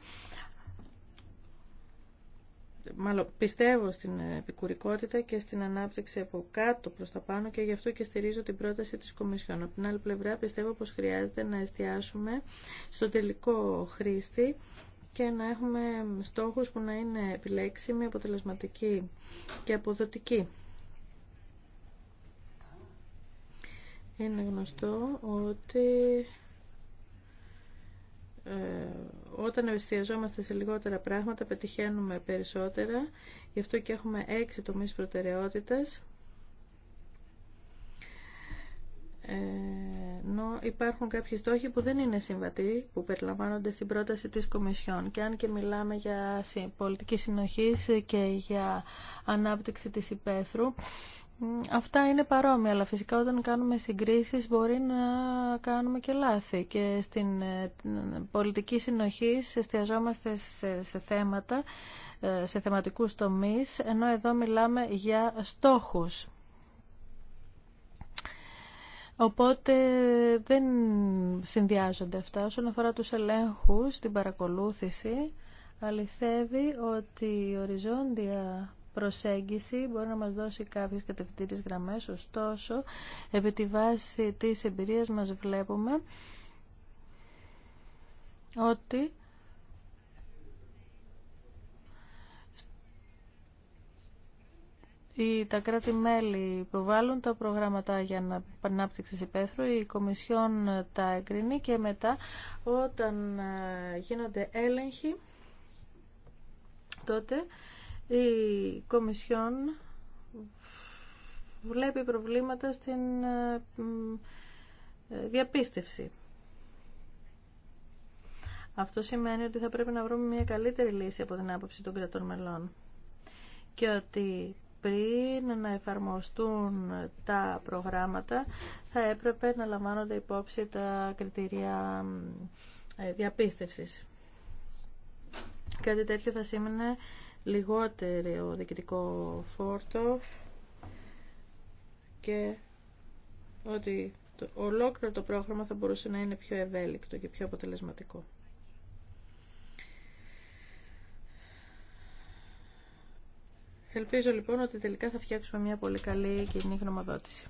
μάλλον πιστεύω στην επικουρικότητα και στην ανάπτυξη από κάτω προς τα πάνω και γι' αυτό και στηρίζω την πρόταση της Κομισιόν. Από την άλλη πλευρά πιστεύω πως χρειάζεται να εστιάσουμε στο τελικό χρήστη και να έχουμε στόχους που να είναι επιλέξιμοι, αποτελεσματικοί και αποδοτικοί. είναι γνωστό ότι ε, όταν ευαισθιαζόμαστε σε λιγότερα πράγματα πετυχαίνουμε περισσότερα γι' αυτό και έχουμε έξι τομείς προτεραιότητας ε, Νο, υπάρχουν κάποιοι στόχοι που δεν είναι συμβατοί που περιλαμβάνονται στην πρόταση της Κομισιόν και αν και μιλάμε για πολιτική συνοχής και για ανάπτυξη της υπαίθρου Αυτά είναι παρόμοια, αλλά φυσικά όταν κάνουμε συγκρίσεις μπορεί να κάνουμε και λάθη. Και στην ε, πολιτική συνοχή εστιαζόμαστε σε, θέματα, ε, σε θεματικούς τομείς, ενώ εδώ μιλάμε για στόχους. Οπότε δεν συνδυάζονται αυτά. Όσον αφορά τους ελέγχους, την παρακολούθηση, αληθεύει ότι οριζόντια προσέγγιση μπορεί να μας δώσει κάποιες κατευθυντήριες γραμμές, ωστόσο επί τη βάση της εμπειρίας μας βλέπουμε ότι τα κράτη-μέλη υποβάλλουν τα προγράμματα για ανάπτυξη υπαίθρου, η Κομισιόν τα εγκρίνει και μετά όταν ε, γίνονται έλεγχοι τότε η Κομισιόν βλέπει προβλήματα στην ε, ε, διαπίστευση. Αυτό σημαίνει ότι θα πρέπει να βρούμε μια καλύτερη λύση από την άποψη των κρατών μελών και ότι πριν να εφαρμοστούν τα προγράμματα θα έπρεπε να λαμβάνονται υπόψη τα κριτήρια ε, διαπίστευσης. Κάτι τέτοιο θα σήμαινε λιγότερο διοικητικό φόρτο και ότι το ολόκληρο το πρόγραμμα θα μπορούσε να είναι πιο ευέλικτο και πιο αποτελεσματικό. Ελπίζω λοιπόν ότι τελικά θα φτιάξουμε μια πολύ καλή κοινή γνωμοδότηση.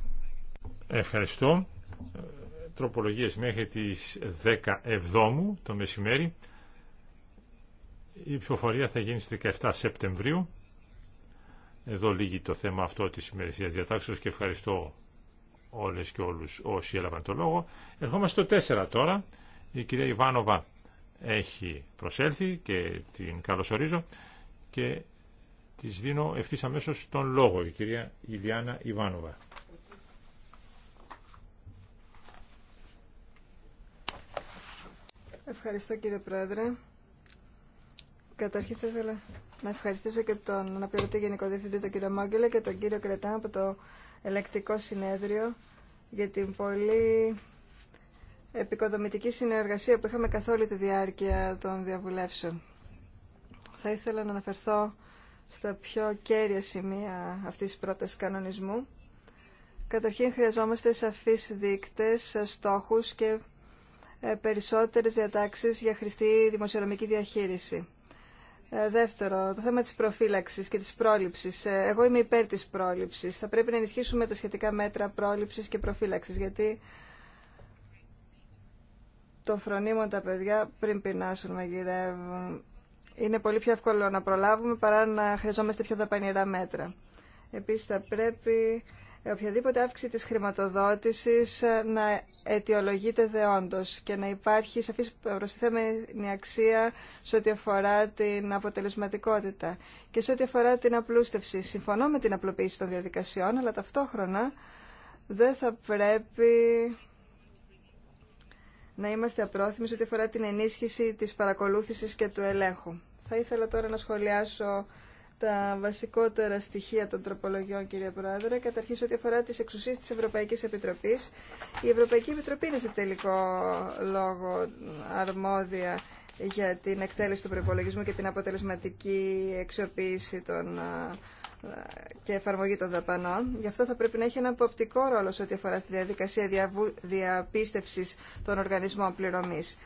Ευχαριστώ. Ε, τροπολογίες μέχρι τις 10 το μεσημέρι. Η ψηφοφορία θα γίνει στις 17 Σεπτεμβρίου. Εδώ λύγει το θέμα αυτό της ημερησίας διατάξεως και ευχαριστώ όλες και όλους όσοι έλαβαν το λόγο. Ερχόμαστε στο 4 τώρα. Η κυρία Ιβάνοβα έχει προσέλθει και την καλωσορίζω και της δίνω ευθύς αμέσως τον λόγο η κυρία Ιλιάνα Ιβάνοβα. Ευχαριστώ κύριε Πρόεδρε. Καταρχήν θα ήθελα να ευχαριστήσω και τον αναπληρωτή Γενικό Διευθυντή, τον κύριο Μόγκελε, και τον κύριο Κρετάν από το Ελεκτικό Συνέδριο για την πολύ επικοδομητική συνεργασία που είχαμε καθ' όλη τη διάρκεια των διαβουλεύσεων. Θα ήθελα να αναφερθώ στα πιο κέρια σημεία αυτής της πρόταση κανονισμού. Καταρχήν χρειαζόμαστε σαφείς δείκτες, στόχους και ε, περισσότερες διατάξεις για χρηστή δημοσιονομική διαχείριση. Ε, δεύτερο, το θέμα της προφύλαξης και της πρόληψης. Ε, εγώ είμαι υπέρ της πρόληψης. Θα πρέπει να ενισχύσουμε τα σχετικά μέτρα πρόληψης και προφύλαξης, γιατί το φρονίμων τα παιδιά πριν πεινάσουν μαγειρεύουν. Είναι πολύ πιο εύκολο να προλάβουμε παρά να χρειαζόμαστε πιο δαπανηρά μέτρα. Επίσης θα πρέπει ε, οποιαδήποτε αύξηση της χρηματοδότησης ε, να αιτιολογείται δεόντως και να υπάρχει σαφής προστιθέμενη αξία σε ό,τι αφορά την αποτελεσματικότητα και σε ό,τι αφορά την απλούστευση. Συμφωνώ με την απλοποίηση των διαδικασιών, αλλά ταυτόχρονα δεν θα πρέπει να είμαστε απρόθυμοι σε ό,τι αφορά την ενίσχυση της παρακολούθησης και του ελέγχου. Θα ήθελα τώρα να σχολιάσω τα βασικότερα στοιχεία των τροπολογιών, κύριε Πρόεδρε. Καταρχήν, ό,τι αφορά τι εξουσίε τη Ευρωπαϊκή Επιτροπή, η Ευρωπαϊκή Επιτροπή είναι σε τελικό λόγο αρμόδια για την εκτέλεση του προπολογισμού και την αποτελεσματική αξιοποίηση των και εφαρμογή των δαπανών. Γι' αυτό θα πρέπει να έχει ένα αποπτικό ρόλο σε ό,τι αφορά στη διαδικασία διαπίστευση των οργανισμών πληρωμής.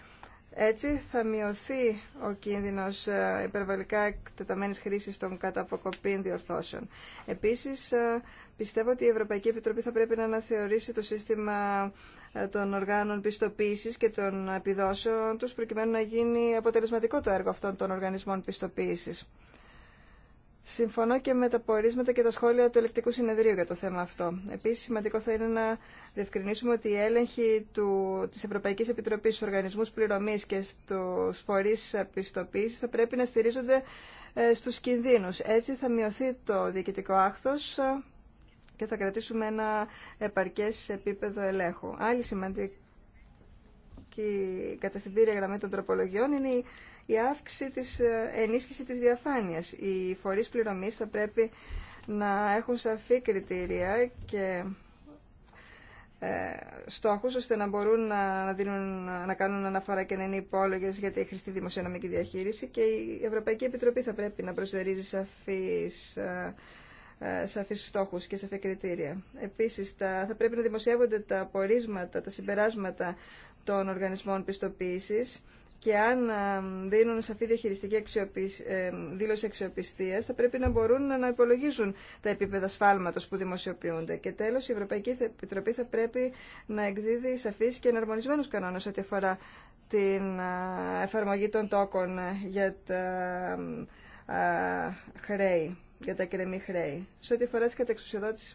Έτσι θα μειωθεί ο κίνδυνος ε, υπερβολικά εκτεταμένης χρήσης των καταποκοπήν διορθώσεων. Επίσης, ε, πιστεύω ότι η Ευρωπαϊκή Επιτροπή θα πρέπει να αναθεωρήσει το σύστημα ε, των οργάνων πιστοποίησης και των επιδόσεων τους, προκειμένου να γίνει αποτελεσματικό το έργο αυτών των οργανισμών πιστοποίησης. Συμφωνώ και με τα πορίσματα και τα σχόλια του ελεκτικού συνεδρίου για το θέμα αυτό. Επίση, σημαντικό θα είναι να διευκρινίσουμε ότι οι έλεγχοι τη της Ευρωπαϊκής Επιτροπής Οργανισμού Πληρωμή και στου φορείς πιστοποίηση θα πρέπει να στηρίζονται ε, στους κινδύνους. Έτσι θα μειωθεί το διοικητικό άχθο ε, και θα κρατήσουμε ένα επαρκέ επίπεδο ελέγχου. Άλλη σημαντική κατευθυντήρια γραμμή των τροπολογιών είναι η αύξηση της ε, ενίσχυση της διαφάνειας. Οι φορείς πληρωμής θα πρέπει να έχουν σαφή κριτήρια και ε, στόχους ώστε να μπορούν να, δίνουν, να κάνουν αναφορά και να είναι υπόλογε για τη χρηστή δημοσιονομική διαχείριση και η Ευρωπαϊκή Επιτροπή θα πρέπει να προσδιορίζει σαφείς, ε, σαφείς στόχους και σαφή κριτήρια. Επίσης τα, θα πρέπει να δημοσιεύονται τα πορίσματα, τα συμπεράσματα των οργανισμών πιστοποίησης και αν ε, δίνουν σαφή διαχειριστική ε, δήλωση αξιοπιστία, θα πρέπει να μπορούν να υπολογίζουν τα επίπεδα σφάλματο που δημοσιοποιούνται. Και τέλο, η Ευρωπαϊκή Επιτροπή θα πρέπει να εκδίδει σαφεί και εναρμονισμένου κανόνε ό,τι αφορά την ε, εφαρμογή των τόκων για τα χρέη για τα κρεμή χρέη. Σε ό,τι αφορά τι κατεξουσιοδότητε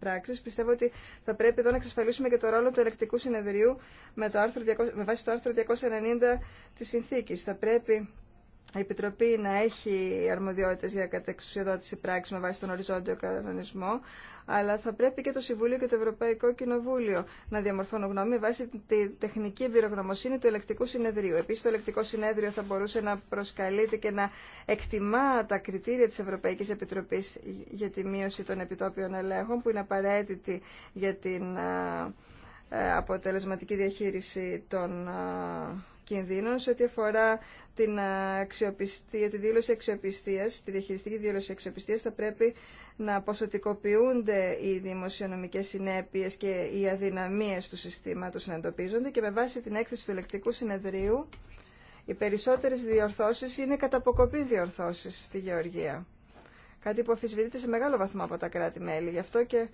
πράξη, πιστεύω ότι θα πρέπει εδώ να εξασφαλίσουμε και το ρόλο του ελεκτικού συνεδρίου με, το 200, με βάση το άρθρο 290 τη συνθήκη. Θα πρέπει η Επιτροπή να έχει αρμοδιότητες για κατεξουσιοδότηση πράξη με βάση τον οριζόντιο κανονισμό, αλλά θα πρέπει και το Συμβούλιο και το Ευρωπαϊκό Κοινοβούλιο να διαμορφώνουν γνώμη με βάση τη τεχνική εμπειρογνωμοσύνη του ελεκτικού συνεδρίου. Επίση, το ελεκτικό συνέδριο θα μπορούσε να προσκαλείται και να εκτιμά τα κριτήρια τη Ευρωπαϊκή Επιτροπή για τη μείωση των επιτόπιων ελέγχων, που είναι απαραίτητη για την ε, ε, αποτελεσματική διαχείριση των ε, κινδύνων σε ό,τι αφορά την ε, αξιοπιστία, τη δήλωση αξιοπιστία, τη διαχειριστική δήλωση αξιοπιστία, θα πρέπει να ποσοτικοποιούνται οι δημοσιονομικέ συνέπειε και οι αδυναμίες του συστήματο να εντοπίζονται και με βάση την έκθεση του ελεκτικού συνεδρίου οι περισσότερες διορθώσεις είναι καταποκοπή διορθώσεις στη Γεωργία. Κάτι που αφισβητείται σε μεγάλο βαθμό από τα κράτη-μέλη. Γι' αυτό και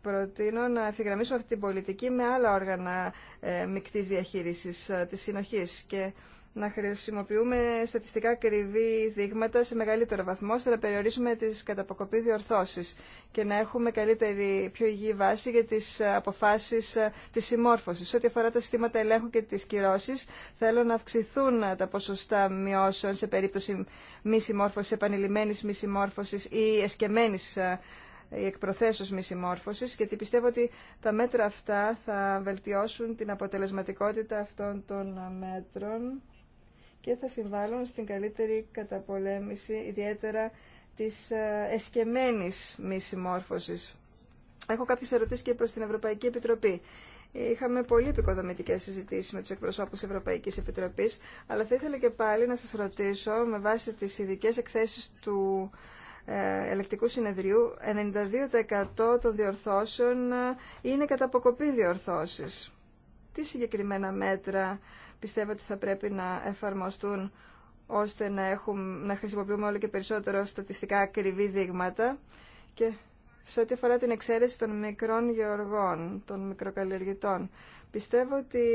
προτείνω να ευθυγραμμίσουμε αυτή την πολιτική με άλλα όργανα ε, μεικτής διαχείρισης ε, της συνοχής και να χρησιμοποιούμε στατιστικά ακριβή δείγματα σε μεγαλύτερο βαθμό, ώστε να περιορίσουμε τις καταποκοπή διορθώσεις και να έχουμε καλύτερη, πιο υγιή βάση για τις ε, αποφάσεις ε, της συμμόρφωσης. Ό,τι αφορά τα συστήματα ελέγχου και τις κυρώσεις, θέλω να αυξηθούν ε, τα ποσοστά μειώσεων σε περίπτωση μη συμμόρφωσης, επανειλημμένης μη συμμόρφωσης ή εσκεμμένης η εκπροθέσεως μη συμμόρφωσης, γιατί πιστεύω ότι τα μέτρα αυτά θα βελτιώσουν την αποτελεσματικότητα αυτών των μέτρων και θα συμβάλλουν στην καλύτερη καταπολέμηση, ιδιαίτερα της ε, εσκεμμένης μη συμμόρφωσης. Έχω κάποιες ερωτήσεις και προς την Ευρωπαϊκή Επιτροπή. Είχαμε πολύ επικοδομητικέ συζητήσει με του εκπροσώπου Ευρωπαϊκή Επιτροπή, αλλά θα ήθελα και πάλι να σα ρωτήσω, με βάση τι ειδικέ εκθέσει του ε, ελεκτικού συνεδρίου 92% των διορθώσεων ε, είναι κατά αποκοπή διορθώσεις. Τι συγκεκριμένα μέτρα πιστεύω ότι θα πρέπει να εφαρμοστούν ώστε να, έχουμε, να χρησιμοποιούμε όλο και περισσότερο στατιστικά ακριβή δείγματα και σε ό,τι αφορά την εξαίρεση των μικρών γεωργών, των μικροκαλλιεργητών. Πιστεύω ότι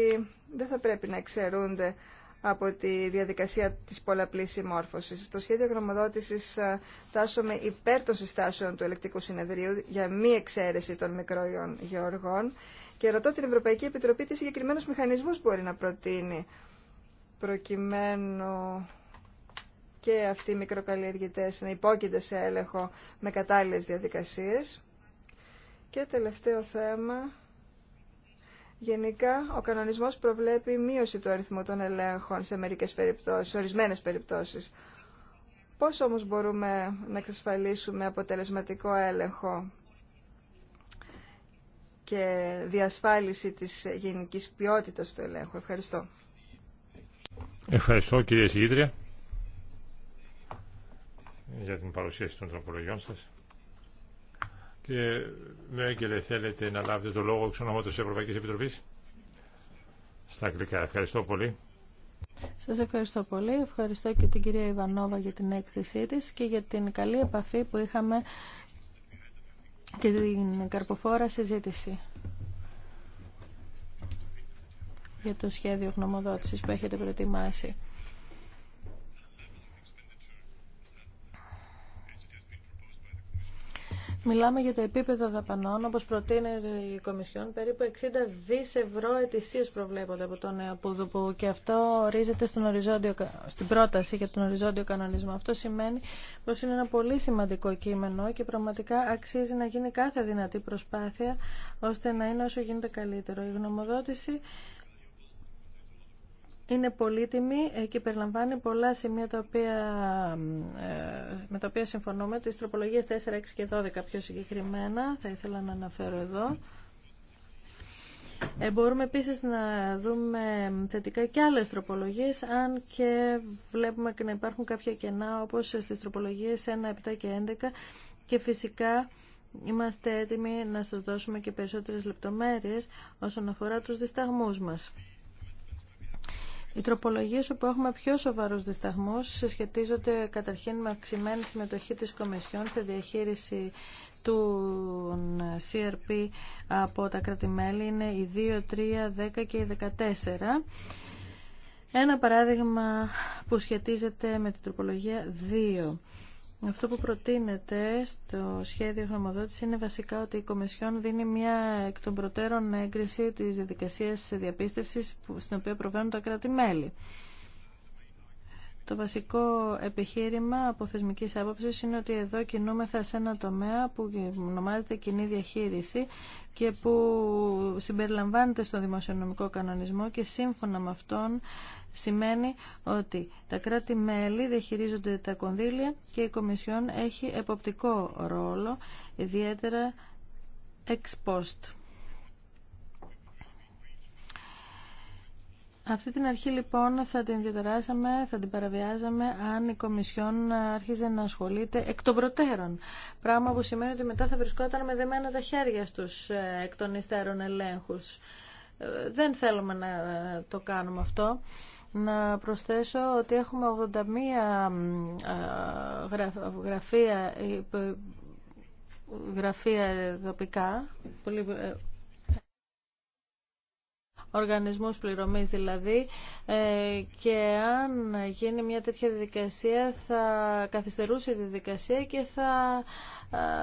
δεν θα πρέπει να εξαιρούνται από τη διαδικασία της πολλαπλής συμμόρφωσης. Στο σχέδιο γνωμοδότησης ε, τάσσομαι υπέρ των συστάσεων του Ελεκτικού Συνεδρίου για μη εξαίρεση των μικροϊών γεωργών και ρωτώ την Ευρωπαϊκή Επιτροπή τι συγκεκριμένους μηχανισμούς μπορεί να προτείνει προκειμένου και αυτοί οι μικροκαλλιεργητές να υπόκεινται σε έλεγχο με κατάλληλες διαδικασίες. Και τελευταίο θέμα Γενικά, ο κανονισμός προβλέπει μείωση του αριθμού των ελέγχων σε μερικές περιπτώσεις, σε ορισμένες περιπτώσεις. Πώς όμως μπορούμε να εξασφαλίσουμε αποτελεσματικό έλεγχο και διασφάλιση της γενική ποιότητα του ελέγχου. Ευχαριστώ. Ευχαριστώ κύριε Σιγήτρια για την παρουσίαση των τροπολογιών σας. Και με ναι, έγκαιλε, θέλετε να λάβετε το λόγο εξ ονόματο τη Ευρωπαϊκής Επιτροπής. Στα αγγλικά. Ευχαριστώ πολύ. Σα ευχαριστώ πολύ. Ευχαριστώ και την κυρία Ιβανόβα για την έκθεσή τη και για την καλή επαφή που είχαμε και την καρποφόρα συζήτηση για το σχέδιο γνωμοδότησης που έχετε προετοιμάσει. Μιλάμε για το επίπεδο δαπανών, όπω προτείνει η Κομισιόν, περίπου 60 δις ευρώ ετησίω προβλέπονται από τον που και αυτό ορίζεται στον οριζόντιο, στην πρόταση για τον οριζόντιο κανονισμό. Αυτό σημαίνει πω είναι ένα πολύ σημαντικό κείμενο και πραγματικά αξίζει να γίνει κάθε δυνατή προσπάθεια ώστε να είναι όσο γίνεται καλύτερο. Η γνωμοδότηση είναι πολύτιμη ε, και περιλαμβάνει πολλά σημεία τα οποία, ε, με τα οποία συμφωνούμε. Τις τροπολογίες 4, 6 και 12 πιο συγκεκριμένα θα ήθελα να αναφέρω εδώ. Ε, μπορούμε επίσης να δούμε θετικά και άλλες τροπολογίες, αν και βλέπουμε και να υπάρχουν κάποια κενά όπως στις τροπολογίες 1, 7 και 11 και φυσικά είμαστε έτοιμοι να σας δώσουμε και περισσότερες λεπτομέρειες όσον αφορά τους δισταγμούς μας. Οι τροπολογίε όπου έχουμε πιο σοβαρού δισταγμού σχετίζονται καταρχήν με αυξημένη συμμετοχή τη Κομισιόν στη διαχείριση του CRP από τα κράτη-μέλη. Είναι οι 2, 3, 10 και οι 14. Ένα παράδειγμα που σχετίζεται με την τροπολογία 2. Αυτό που προτείνεται στο σχέδιο χρηματοδότηση είναι βασικά ότι η Κομισιόν δίνει μια εκ των προτέρων έγκριση τη διαδικασία διαπίστευση, στην οποία προβαίνουν τα κράτη-μέλη. Το βασικό επιχείρημα από θεσμική άποψη είναι ότι εδώ κινούμεθα σε ένα τομέα που ονομάζεται κοινή διαχείριση και που συμπεριλαμβάνεται στο δημοσιονομικό κανονισμό και σύμφωνα με αυτόν σημαίνει ότι τα κράτη-μέλη διαχειρίζονται τα κονδύλια και η Κομισιόν έχει εποπτικό ρόλο, ιδιαίτερα ex post. Αυτή την αρχή λοιπόν θα την διαδράσαμε, θα την παραβιάζαμε αν η Κομισιόν άρχιζε να ασχολείται εκ των προτέρων. Πράγμα που σημαίνει ότι μετά θα βρισκόταν με δεμένα τα χέρια στους ε, εκ των υστέρων ελέγχους. Ε, δεν θέλουμε να ε, το κάνουμε αυτό. Να προσθέσω ότι έχουμε 81 γραφεία, γραφεία τοπικά, οργανισμούς πληρωμής δηλαδή ε, και αν γίνει μια τέτοια διαδικασία θα καθυστερούσε η διαδικασία και θα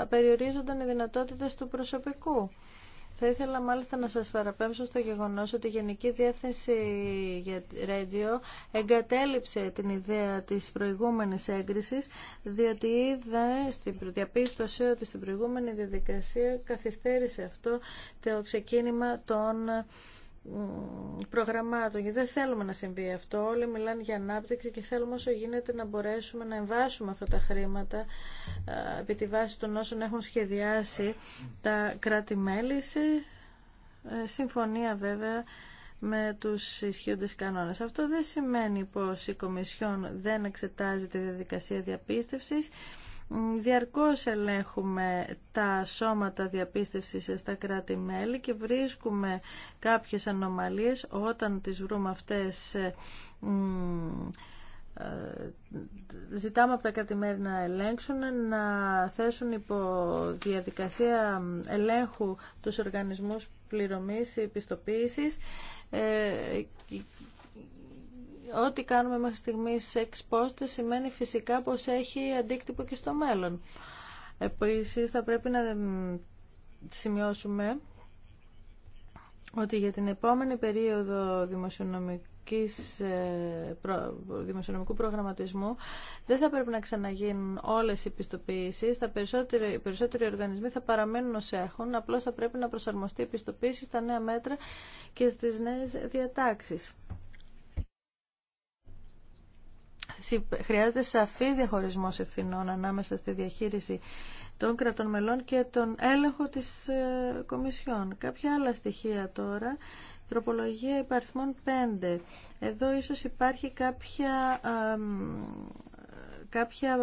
ε, περιορίζονταν οι δυνατότητες του προσωπικού. Θα ήθελα μάλιστα να σας παραπέμψω στο γεγονός ότι η Γενική Διεύθυνση για Regio εγκατέλειψε την ιδέα της προηγούμενης έγκρισης διότι είδα στην διαπίστωση ότι στην προηγούμενη διαδικασία καθυστέρησε αυτό το ξεκίνημα των προγραμμάτων. δεν θέλουμε να συμβεί αυτό. Όλοι μιλάνε για ανάπτυξη και θέλουμε όσο γίνεται να μπορέσουμε να εμβάσουμε αυτά τα χρήματα επί τη βάση των όσων έχουν σχεδιάσει τα κράτη-μέλη σε ε, συμφωνία βέβαια με τους ισχύοντες κανόνες. Αυτό δεν σημαίνει πως η Κομισιόν δεν εξετάζει τη διαδικασία διαπίστευσης διαρκώς ελέγχουμε τα σώματα διαπίστευσης στα κράτη-μέλη και βρίσκουμε κάποιες ανομαλίες όταν τις βρούμε αυτές ε, ζητάμε από τα κατημέρια να ελέγξουν, να θέσουν υπό διαδικασία ελέγχου τους οργανισμούς πληρωμής ή πιστοποίησης ε, ό,τι κάνουμε μέχρι σε εξπόστε σημαίνει φυσικά πως έχει αντίκτυπο και στο μέλλον. Επίσης θα πρέπει να σημειώσουμε ότι για την επόμενη περίοδο δημοσιονομικής, ε, δημοσιονομικού προγραμματισμού δεν θα πρέπει να ξαναγίνουν όλες οι πιστοποιήσεις. Τα οι περισσότεροι οργανισμοί θα παραμένουν ως έχουν, απλώς θα πρέπει να προσαρμοστεί η πιστοποίηση στα νέα μέτρα και στις νέες διατάξεις χρειάζεται σαφής διαχωρισμός ευθυνών ανάμεσα στη διαχείριση των κρατών μελών και τον έλεγχο της ε, Κομισιόν. Κάποια άλλα στοιχεία τώρα. Τροπολογία υπαριθμών 5. Εδώ ίσως υπάρχει κάποια, κάποια ε,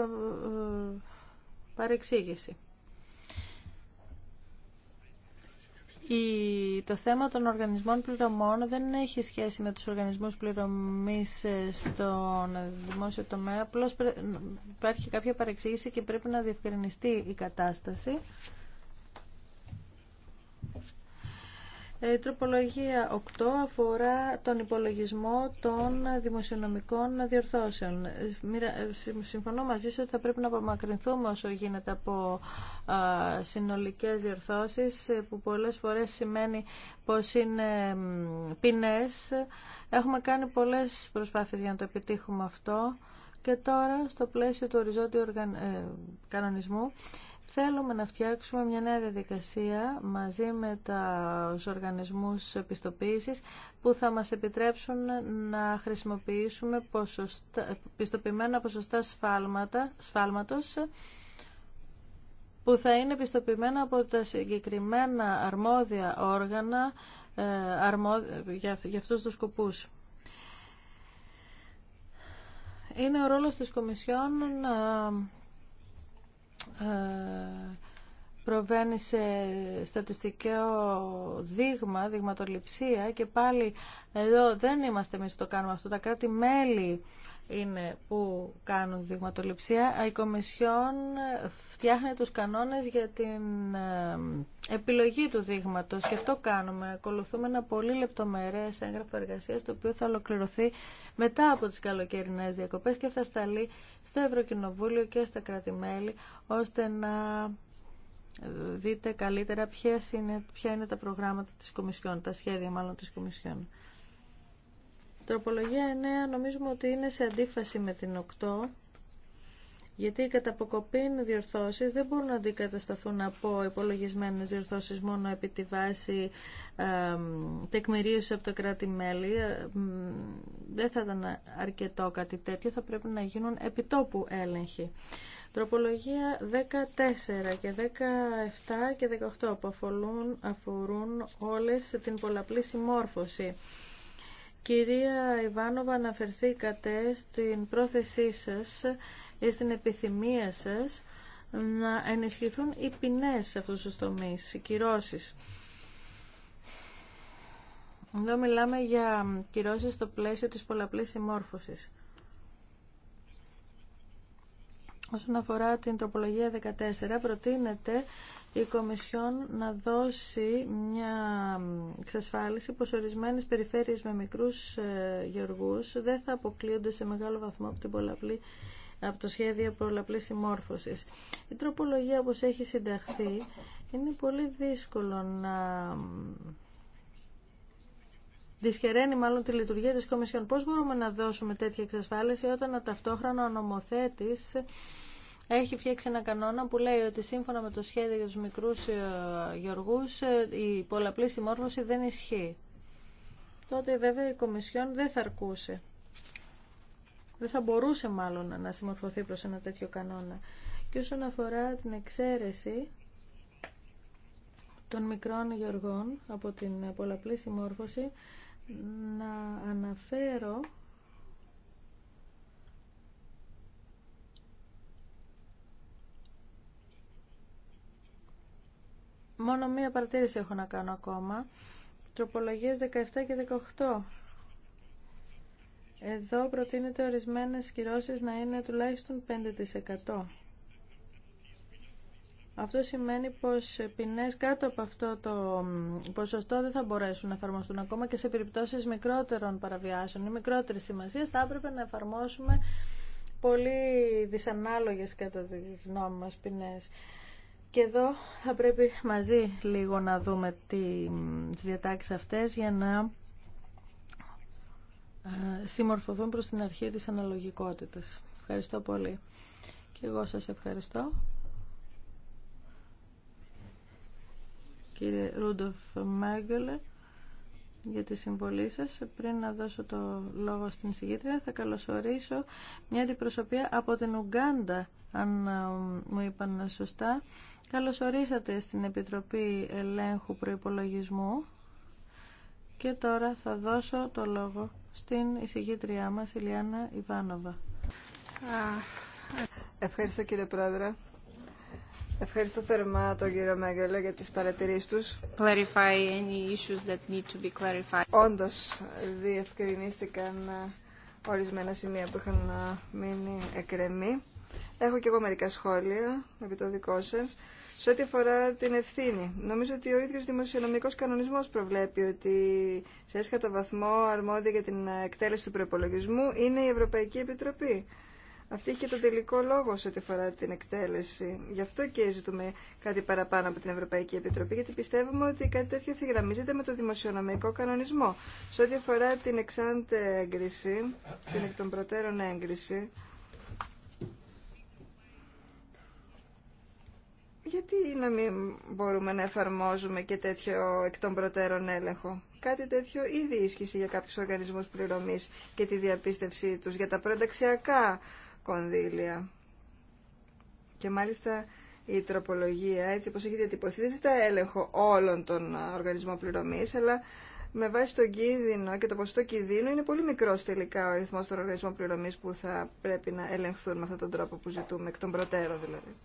παρεξήγηση. το θέμα των οργανισμών πληρωμών δεν έχει σχέση με τους οργανισμούς πληρωμής ε, στον δημόσιο τομέα. Απλώς υπάρχει κάποια παρεξήγηση και πρέπει να διευκρινιστεί η κατάσταση. Η ε, τροπολογία 8 αφορά τον υπολογισμό των δημοσιονομικών διορθώσεων. Ε, ε, συμφωνώ μαζί σου ότι θα πρέπει να απομακρυνθούμε όσο γίνεται από συνολικές διορθώσεις που πολλές φορές σημαίνει πως είναι ποινές. Έχουμε κάνει πολλές προσπάθειες για να το επιτύχουμε αυτό. Και τώρα, στο πλαίσιο του οριζόντιου ε, κανονισμού, θέλουμε να φτιάξουμε μια νέα διαδικασία μαζί με τους οργανισμούς πιστοποίησης που θα μας επιτρέψουν να χρησιμοποιήσουμε πιστοποιημένα ποσοστά σφάλματα, σφάλματος που θα είναι πιστοποιημένα από τα συγκεκριμένα αρμόδια όργανα ε, αρμόδια, για, για αυτούς τους σκοπούς είναι ο ρόλος της Κομισιόν να ε, προβαίνει σε στατιστικό δείγμα, δειγματοληψία και πάλι εδώ δεν είμαστε εμείς που το κάνουμε αυτό, τα κράτη-μέλη είναι που κάνουν δειγματοληψία. Η Κομισιόν φτιάχνει τους κανόνες για την επιλογή του δείγματος και αυτό κάνουμε. Ακολουθούμε ένα πολύ λεπτομερές έγγραφο εργασίας το οποίο θα ολοκληρωθεί μετά από τις καλοκαιρινές διακοπές και θα σταλεί στο Ευρωκοινοβούλιο και στα κράτη-μέλη ώστε να δείτε καλύτερα ποια είναι, ποια είναι τα προγράμματα της Κομισιόν, τα σχέδια μάλλον της Κομισιόν. Τροπολογία 9 νομίζουμε ότι είναι σε αντίφαση με την 8, γιατί οι καταποκοπήν διορθώσεις δεν μπορούν να αντικατασταθούν από υπολογισμένε διορθώσεις μόνο επί τη βάση ε, τεκμηρίωσης από το κράτη-μέλη. Ε, δεν θα ήταν αρκετό κάτι τέτοιο, θα πρέπει να γίνουν επιτόπου έλεγχοι. Τροπολογία 14 και 17 και 18 που αφορούν, αφορούν όλες την πολλαπλή συμμόρφωση. Κυρία Ιβάνοβα, αναφερθήκατε στην πρόθεσή σας ή στην επιθυμία σας να ενισχυθούν οι ποινές σε αυτούς τους τομείς, οι κυρώσεις. Εδώ μιλάμε για κυρώσεις στο πλαίσιο της πολλαπλής συμμόρφωσης. Όσον αφορά την τροπολογία 14, προτείνεται η Κομισιόν να δώσει μια εξασφάλιση πως ορισμένες περιφέρειες με μικρούς ε, γεωργούς δεν θα αποκλείονται σε μεγάλο βαθμό από την πολλαπλή από το σχέδιο πολλαπλής συμμόρφωσης. Η τροπολογία όπως έχει συνταχθεί είναι πολύ δύσκολο να δυσχεραίνει μάλλον τη λειτουργία της Κομισιόν. Πώς μπορούμε να δώσουμε τέτοια εξασφάλιση όταν ταυτόχρονα ο νομοθέτης έχει φτιάξει ένα κανόνα που λέει ότι σύμφωνα με το σχέδιο για τους μικρούς ε, γεωργούς ε, η πολλαπλή συμμόρφωση δεν ισχύει. Τότε βέβαια η Κομισιόν δεν θα αρκούσε. Δεν θα μπορούσε μάλλον να συμμορφωθεί προς ένα τέτοιο κανόνα. Και όσον αφορά την εξαίρεση των μικρών γεωργών από την πολλαπλή συμμόρφωση, να αναφέρω Μόνο μία παρατήρηση έχω να κάνω ακόμα. Τροπολογίες 17 και 18. Εδώ προτείνεται ορισμένες κυρώσεις να είναι τουλάχιστον 5%. Αυτό σημαίνει πως ποινές κάτω από αυτό το ποσοστό δεν θα μπορέσουν να εφαρμοστούν ακόμα και σε περιπτώσεις μικρότερων παραβιάσεων ή μικρότερης θα έπρεπε να εφαρμόσουμε πολύ δυσανάλογες κατά τη γνώμη μας ποινές. Και εδώ θα πρέπει μαζί λίγο να δούμε τι διατάξεις αυτές για να ε, συμμορφωθούν προς την αρχή της αναλογικότητας. Ευχαριστώ πολύ. Και εγώ σας ευχαριστώ. κύριε Ρούντοφ Μέγκελε για τη συμβολή σας. Πριν να δώσω το λόγο στην συγκήτρια, θα καλωσορίσω μια αντιπροσωπεία από την Ουγκάντα, αν ε, μου είπαν σωστά. Καλωσορίσατε στην Επιτροπή Ελέγχου Προϋπολογισμού και τώρα θα δώσω το λόγο στην εισηγήτριά μας, Ηλιάνα Ιβάνοβα. Ευχαριστώ κύριε Πρόεδρε. Ευχαριστώ θερμά τον κύριο Μέγκελε για τις παρατηρήσεις τους. Clarify any issues that need to be clarified. Όντως διευκρινίστηκαν ε, ορισμένα σημεία που είχαν ε, μείνει εκρεμή. Έχω και εγώ μερικά σχόλια με το δικό σα. Σε ό,τι αφορά την ευθύνη, νομίζω ότι ο ίδιος δημοσιονομικός κανονισμός προβλέπει ότι σε έσχατο βαθμό αρμόδια για την ε, εκτέλεση του προπολογισμού είναι η Ευρωπαϊκή Επιτροπή αυτή έχει και τον τελικό λόγο σε ό,τι αφορά την εκτέλεση. Γι' αυτό και ζητούμε κάτι παραπάνω από την Ευρωπαϊκή Επιτροπή, γιατί πιστεύουμε ότι κάτι τέτοιο ευθυγραμμίζεται με το δημοσιονομικό κανονισμό. Σε ό,τι αφορά την εξάντε έγκριση, την εκ των προτέρων έγκριση, γιατί να μην μπορούμε να εφαρμόζουμε και τέτοιο εκ των προτέρων έλεγχο. Κάτι τέτοιο ήδη ίσχυσε για κάποιους οργανισμούς πληρωμής και τη διαπίστευσή τους, για τα προενταξιακά κονδύλια. Και μάλιστα η τροπολογία, έτσι όπως έχει διατυπωθεί, δεν ζητά έλεγχο όλων των οργανισμών πληρωμής, αλλά με βάση τον κίνδυνο και το ποσοστό κινδύνου είναι πολύ μικρό τελικά ο αριθμό των οργανισμών πληρωμή που θα πρέπει να ελεγχθούν με αυτόν τον τρόπο που ζητούμε, εκ των προτέρων δηλαδή.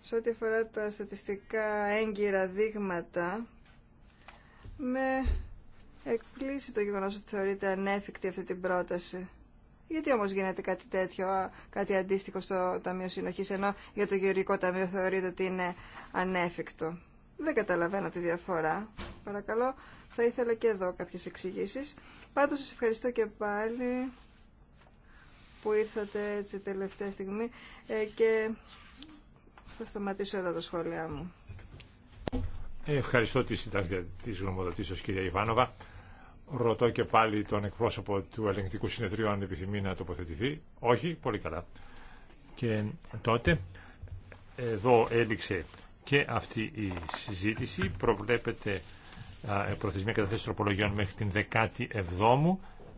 Σε ό,τι αφορά τα στατιστικά έγκυρα δείγματα, με εκπλήσει το γεγονό ότι θεωρείται ανέφικτη αυτή την πρόταση. Γιατί όμως γίνεται κάτι τέτοιο, κάτι αντίστοιχο στο Ταμείο Συνοχή, ενώ για το Γεωργικό Ταμείο θεωρείται ότι είναι ανέφικτο. Δεν καταλαβαίνω τη διαφορά. Παρακαλώ, θα ήθελα και εδώ κάποιες εξηγήσει. Πάντω σα ευχαριστώ και πάλι που ήρθατε έτσι τελευταία στιγμή ε, και θα σταματήσω εδώ τα σχόλιά μου. Ευχαριστώ τη τη της γνωμοδοτήσεω, κυρία Ιβάνοβα. Ρωτώ και πάλι τον εκπρόσωπο του ελεγκτικού συνεδρίου αν επιθυμεί να τοποθετηθεί. Όχι, πολύ καλά. Και τότε εδώ έληξε και αυτή η συζήτηση. Προβλέπεται προθεσμία καταθέσεις τροπολογιών μέχρι την 17 η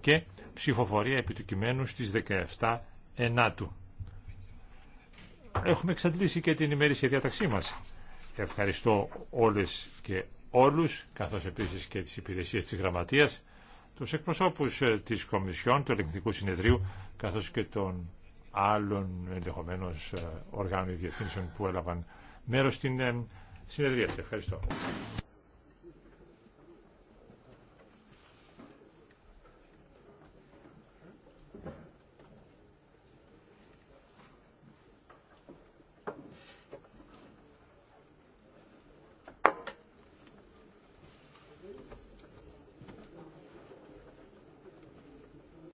και ψηφοφορία επί του κειμένου στις 17 Ενάτου. Έχουμε εξαντλήσει και την ημερήσια διάταξή μας. Ευχαριστώ όλες και όλους, καθώς επίσης και τις υπηρεσίες της Γραμματείας, τους εκπροσώπους ε, της Κομισιόν, του Ελεγκτικού Συνεδρίου, καθώς και των άλλων ενδεχομένως ε, οργάνων διευθύνσεων που έλαβαν μέρος στην ε, συνεδρία. Ευχαριστώ.